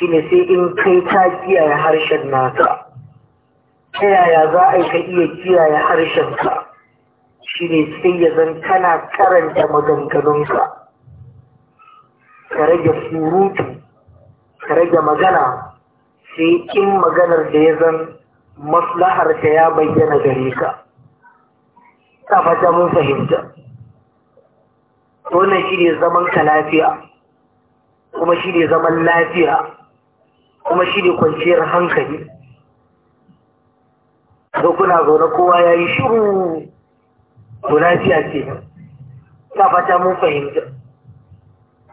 shi ne sai in kai ta kiyaye harshen naka ta yaya za a yi ka iya kiyaye harshenka shi ne sai ya zan kana karanta maganganunka ka rage surutu ka rage magana sai in maganar da ya zan maslahar ta ya bayyana gare ka ta fata mun fahimta wannan shi ne zaman ka lafiya kuma shi ne zaman lafiya kuma shi ne kwanciyar hankali ko kuna zaune kowa ya yi shiru to lafiya ce ta fata mun fahimta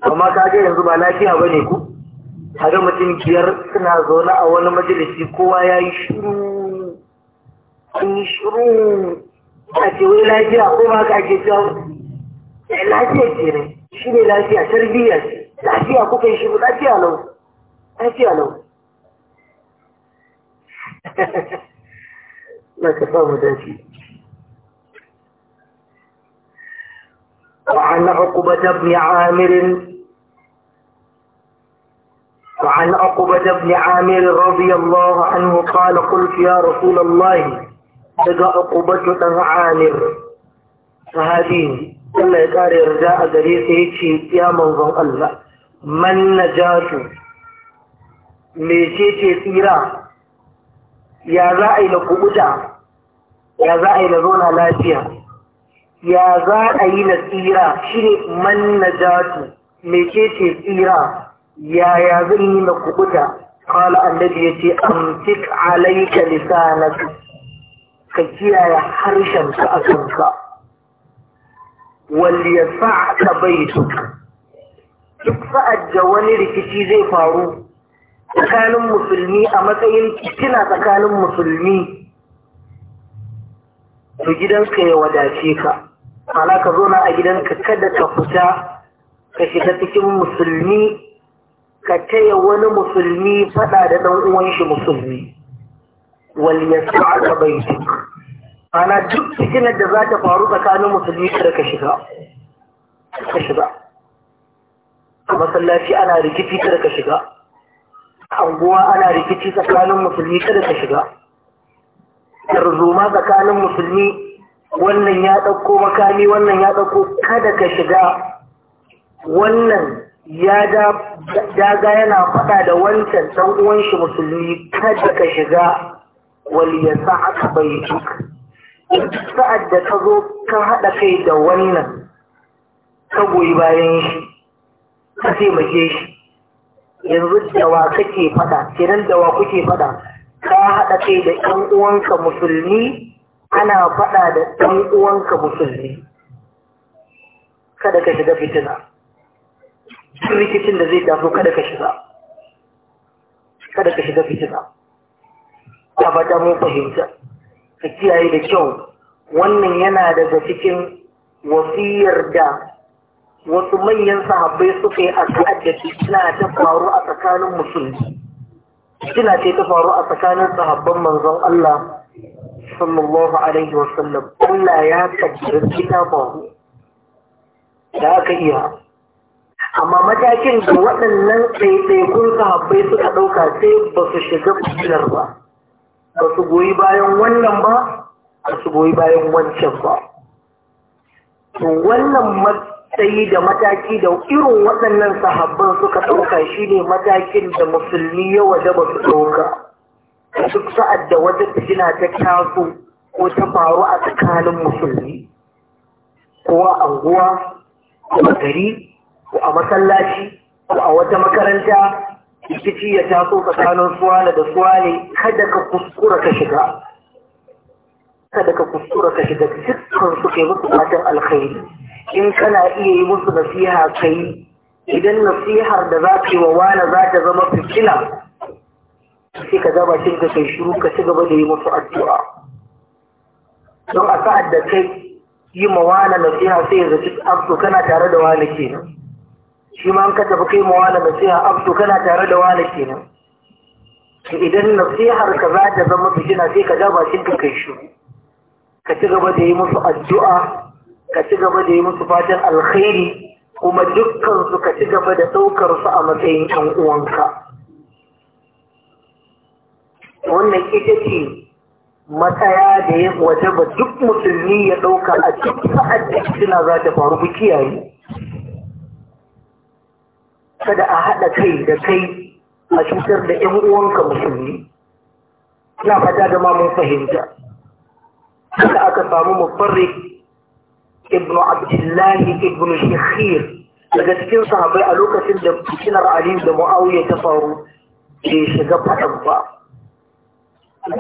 amma ka ga yanzu ba lafiya ba ne ku har mutum biyar suna zaune a wani majalisi kowa ya yi shiru sun yi shiru a ce wai lafiya ko ba ka ke cewa eh, lafiya ce ne shi ne lafiya tarbiyya ce lafiya kuka yi shiru lafiya lau lafiya lau na (laughs) ka samu dafi وعن عقبة بن عامر وعن عقبة بن عامر رضي الله عنه قال قلت يا رسول الله daga akubatu ɗan amir sahabi Allah ya ƙara yarda a gare sa ya ce ya manzon Allah man najatu mecece tsira ya za a yi na kubuta ya za a yi na zona lafiya ya za a yi na tsira shine man najatu mecece tsira yaya zan yi na kubuta kala annabi ya ce amsik alaika lisanaka ka kiyaye harshen su a kanka wal yasa'ka su? duk sa'ad da wani rikici zai faru tsakanin musulmi a matsayin kina tsakanin musulmi to gidanka ya wadace ka ana ka zo na a gidanka kada ka fita ka shiga cikin musulmi ka taya wani musulmi fada da dan uwan shi musulmi wal yas'a baitik ana duk fitinar da za ta faru tsakanin musulmi da ka shiga ka shiga a masallaci ana rikici kada ka shiga anguwa ana rikici tsakanin musulmi kada ka shiga tarzoma tsakanin musulmi wannan ya ɗauko makami wannan ya ɗauko kada ka shiga wannan ya daga yana faɗa da wancan ɗan uwan shi musulmi kada ka shiga wali ya sa aka sa'ad da ka zo ka haɗa kai da wannan ka goyi bayan shi ka taimake shi yanzu da wa kake faɗa kenan da wa kuke faɗa ka haɗa kai da ɗan uwanka musulmi ana faɗa da ɗan uwanka musulmi kada ka shiga fitina duk rikicin da zai taso kada ka shiga kada ka shiga fitina ta fata mun fahimta ka kiyaye da kyau wannan yana daga cikin wasiyar da wasu manyan sahabbai suka yi a da fitina ta faru a tsakanin musulmi fitina ce ta faru a tsakanin sahabban manzon Allah sallallahu alaihi wasallam Allah ya kaddara ta faru da aka iya amma matakin da waɗannan ɗaiɗaikun sahabbai suka ɗauka sai ba su shiga fitilar ba ba su goyi bayan wannan ba ba su goyi bayan wancan ba wannan matsayi da mataki da irin waɗannan sahabban suka ɗauka shine matakin da musulmi ya waje ba su ɗauka duk sa'ad da wata fitina ta taso ko ta faru a tsakanin musulmi ko a anguwa ko gari ko a masallaci ko a wata makaranta rikici ya taso tsakanin suwale da suwale kada ka kuskura ka shiga kada ka kuskura ka shiga dukkan su kai musu fatan alkhairi in kana iya yi musu nasiha kai idan nasihar da za ka yi wa wani za ta zama fitila sai ka zama shi ka kai shiru ka ci gaba da yi musu addu'a don a sa'ad da kai yi ma wani nasiha sai ya zaci kana tare da wani kenan shi ma ka tafi kai mawa nasiha abdu kana tare da wala kenan to idan nasihar ka za ta zama fitina sai ka ja bakin ka kai shi ka ci gaba da yi musu addu'a ka ci gaba da yi musu fatan alkhairi kuma dukkan su ka ci gaba da daukar su a matsayin ɗan uwanka wannan ita ce matsaya da ya wajaba duk musulmi ya ɗauka a duk sa'ad da fitina za ta faru ku kiyaye kada a haɗa kai da kai a cutar da ‘yan uwanka musulmi na fata da ma mun fahimta haka aka samu mufarri ibn abdullahi ibn shekhir daga cikin sahabai a lokacin da fitinar ali da mu'awiya ta faru ke shiga faɗan ba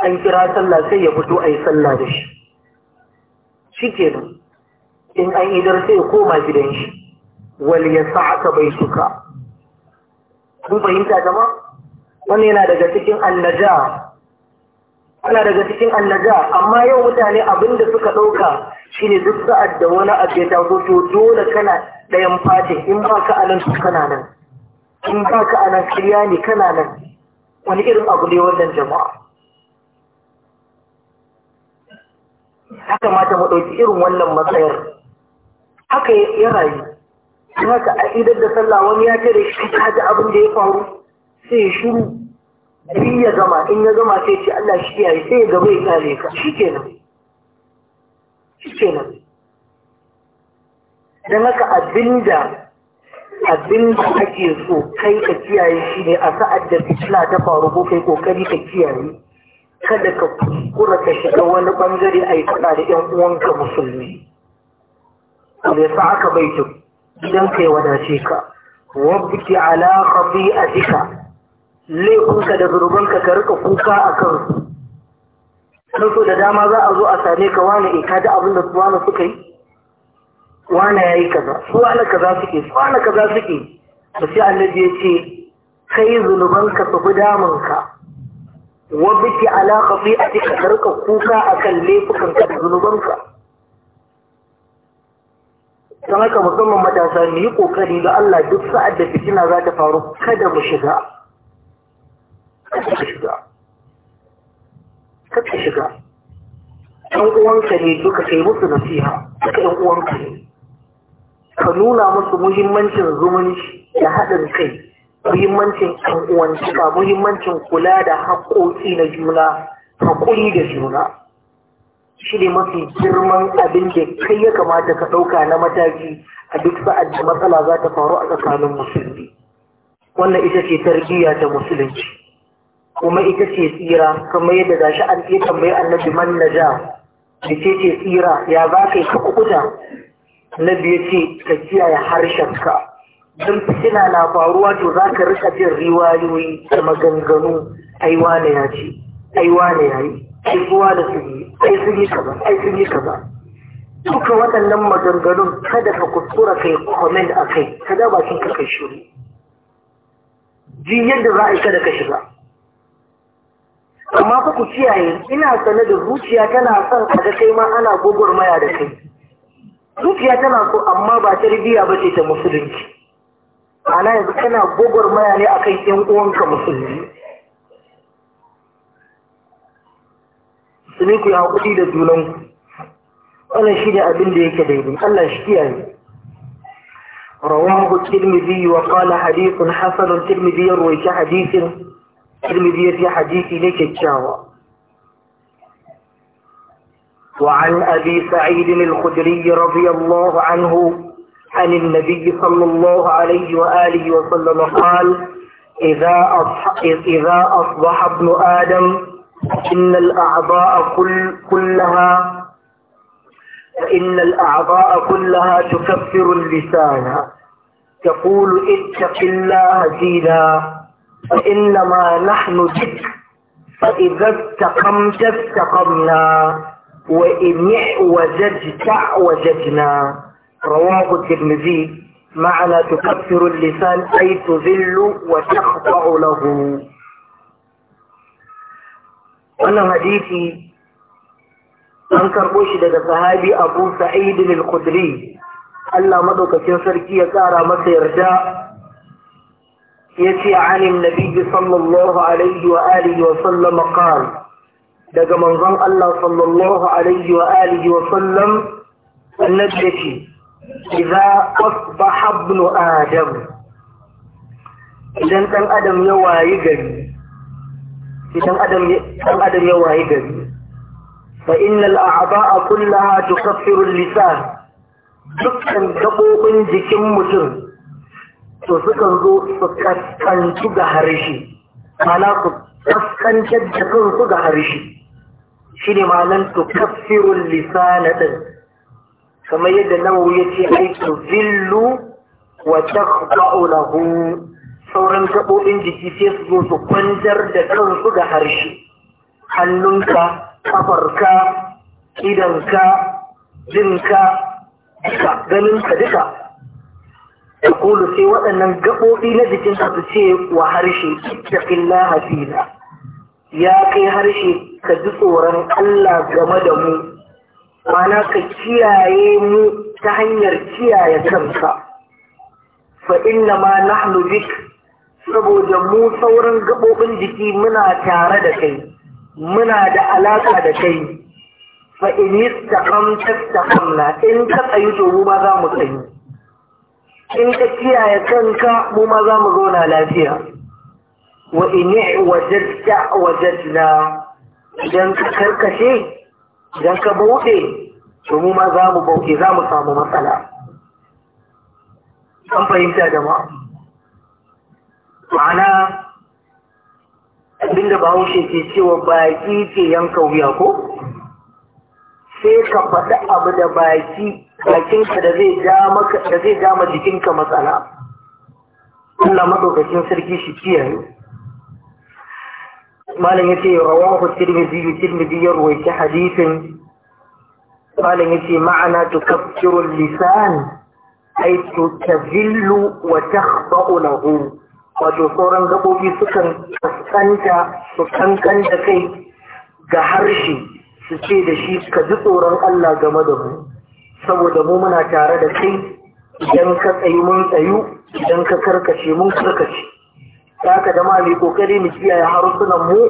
an kira sallah sai ya fito a yi sallah da shi shi in an idar sai ya koma gidan shi wal ya aka bai suka kun fahimta jama Wani yana daga cikin annaja ana daga cikin annaja amma yau mutane abin da suka ɗauka shi ne duk sa'ad da wani abu ya taso to dole kana ɗayan fatin in ba ka anan su, kana nan in ba ka anan kiriya ne kana nan wani irin abu ne wannan jama'a haka mata mu ɗauki irin wannan matsayar haka ya rayu haka a idan da sallah wani ya ce da shi ta ji abin da ya faru sai shiru in ya gama in ya gama sai ce Allah shi ya yi sai ya gaba ya kare ka shi kenan shi kenan don haka abinda abin da ake so kai ka kiyaye shi ne a sa'ad da fitila ta faru ko kai kokari ka kiyaye kada ka kuskura ka shiga wani bangare a yi da yan uwanka musulmi. Abu ya sa aka bai tuku. ka yi wadace ka alaƙa fi a jika laifinka da zurbanka ka rika kuka a kan su da dama za a zo a same ka wani eh, ka da abin da na suka yi wane ya yi kaza suwana kaza suke suwana kaza suke da shi annabi ya ce kai zunubanka su fi alaƙa fi a jika ka rika kuka a kan laifukanka da zunubanka don haka musamman matasa mu yi kokari ga Allah duk sa'ad da fitina za ta faru kada mu shiga kada mu shiga kada shiga ɗan uwanka ne duka kai musu nasiha duka ɗan uwanka ne ka nuna musu muhimmancin zumunci da haɗin kai muhimmancin ɗan uwancika muhimmancin kula da haƙoƙi na juna haƙuri da juna shi ne mafi girman abin da kai ya kamata ka ɗauka na mataki a duk sa'ad da matsala za ta faru a tsakanin musulmi wannan ita ce tarbiyya ta musulunci kuma ita ce tsira kamar yadda shi an iya tambayi annabi man naja da ce ce tsira ya za ka yi ka kukuta annabi ce ka kiyaye harshenka don fitina na faruwa to za ka rika jin riwayoyi da maganganu aiwa ne ya aiwa ne ya yi ai kuwa da su yi ai sun yi kaza ai sun kaza duka waɗannan maganganun kada ka kuskura kai komen a kai ka da bakin ka kai shiru ji yadda za a yi kada ka shiga amma fa ku kiyaye ina sane da zuciya tana son a ga kai ma ana gwagwarmaya da kai zuciya tana so amma ba tarbiyya ba ce ta musulunci ana yanzu kana gwagwarmaya ne a kai yan uwanka musulmi su ku yi haƙuri da wannan shi ne abin da yake daidai Allah shi kiyaye رواه الترمذي وقال حديث حسن الترمذي يروي حديث الترمذي في حديث لك الشاوى وعن أبي سعيد الخدري رضي الله عنه عن النبي صلى الله عليه وآله وسلم قال إذا أصبح, إذا أصبح ابن آدم إن الأعضاء كل كلها فإن الأعضاء كلها تكفر اللسان تقول اتق الله دينا فإنما نحن جد فإذا استقمت استقمنا وإن وجدت وجدنا رواه الترمذي معنى تكفر اللسان أي تذل وتخضع له wannan hadisi an karɓo shi daga sahabi abu sa'id al-khudri Allah madaukakin sarki ya ƙara masa yarda ya yace anin nabi sallallahu alaihi wa alihi wa sallam qal daga manzon Allah sallallahu alaihi wa alihi wa sallam annabi yace idza asbaha ibnu adam idan dan adam ya wayi gari idan adam ya waye gari fa innal a'ba'a kullaha tukaffiru lisan dukkan gabobin jikin mutum to sukan zo su kaskanci ga harshe mana ku kaskancar da ga harshe shi ne malan tukaffiru lisan din kamar yadda nawawi ya ce aikin zillu wa taqba'u lahu sauran gaɓoɓin jiki sai su zo su kwantar da kansu ga harshe hannunka kafarka idanka jinka duka ganinka duka da kulu sai waɗannan gaɓoɓi na jikinka su ce wa harshe ittaqillaha hafina. ya kai harshe ka ji tsoron Allah game da mu mana ka kiyaye mu ta hanyar kiyaye kanka fa inna ma nahnu bik saboda mu sauran gaɓoɓin jiki muna tare da kai muna da alaƙa da kai fa in yi na. in ka tsayi to mu ma za mu tsayi. in ka kiyaye kanka mu ma za mu zauna lafiya wa in yi wajadta wajajna idan ka karkashe idan ka bauɗe to mu ma za mu bauɗe za mu samu matsala an fahimta jama'a ma'ana abinda bahaushe ke cewa baki ke yanka wuya ko sai ka faɗi abu da baki bakinka da zai da zai dama jikinka matsala Allah madaukakin sarki shi kiyaye malam yace rawahu tirmidhi tirmidhi ya ta hadithin malam yace ma'ana tukaffiru lisan ay tukazillu wa takhba'u lahu wato sauran gaɓoɓi sukan kaskanta su kankan da kai ga harshe su ce da shi ka ji tsoron Allah game da mu saboda mu muna tare da kai idan ka tsayi mun tsayu idan ka karkace mun karkace ta ka da mai kokari mu kiyaye harsunan mu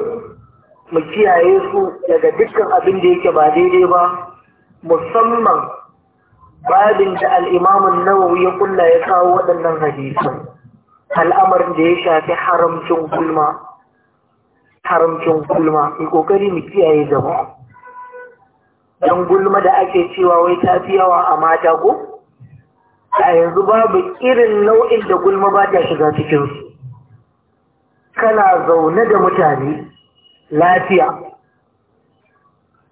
mu kiyaye su daga dukkan abin da yake ba daidai ba musamman babin da al'imamin nawawi ya kulla ya kawo waɗannan hadisan al'amarin da ya shafi haramcin gulma haramcin gulma mai kokari mu kiyaye zama. don gulma da ake cewa wai ta fi yawa a mata ko a yanzu babu irin nau'in da gulma ba ta shiga cikinsu kana zaune da mutane lafiya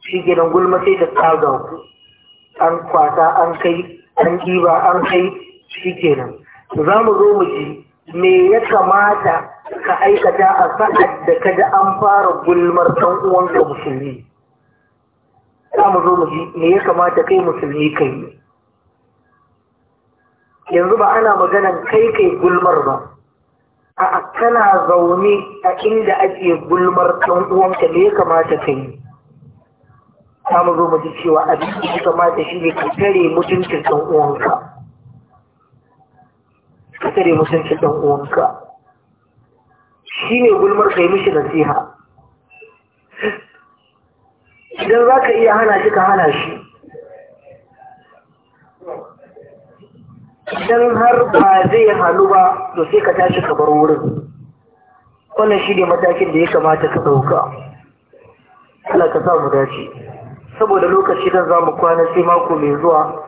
shi gidan gulma sai da tsaga ku an kwasa an kai an kiba an kai shi kenan za mu zo mu ji me ya kamata ka aikata a sa'ad da ka ji an fara gulmar ɗan uwanka musulmi za mu zo mu ji me ya kamata kai musulmi kai yanzu ba ana maganan kai kai gulmar ba a kana zaune a inda ake gulmar ɗan uwanka me ya kamata kai za mu zo mu ji cewa abin da ya kamata shi ne ka tare mutuncin ɗan uwanka ka tare mutuncin ɗan uwanka shi ne gulmar ka yi mishi nasiha idan za ka iya hana shi ka hana shi idan har ba zai halu ba to sai ka tashi ka bar wurin wannan shi ne matakin da ya kamata ka ɗauka Allah ka sa mu dace saboda lokaci don za mu kwana sai mako mai zuwa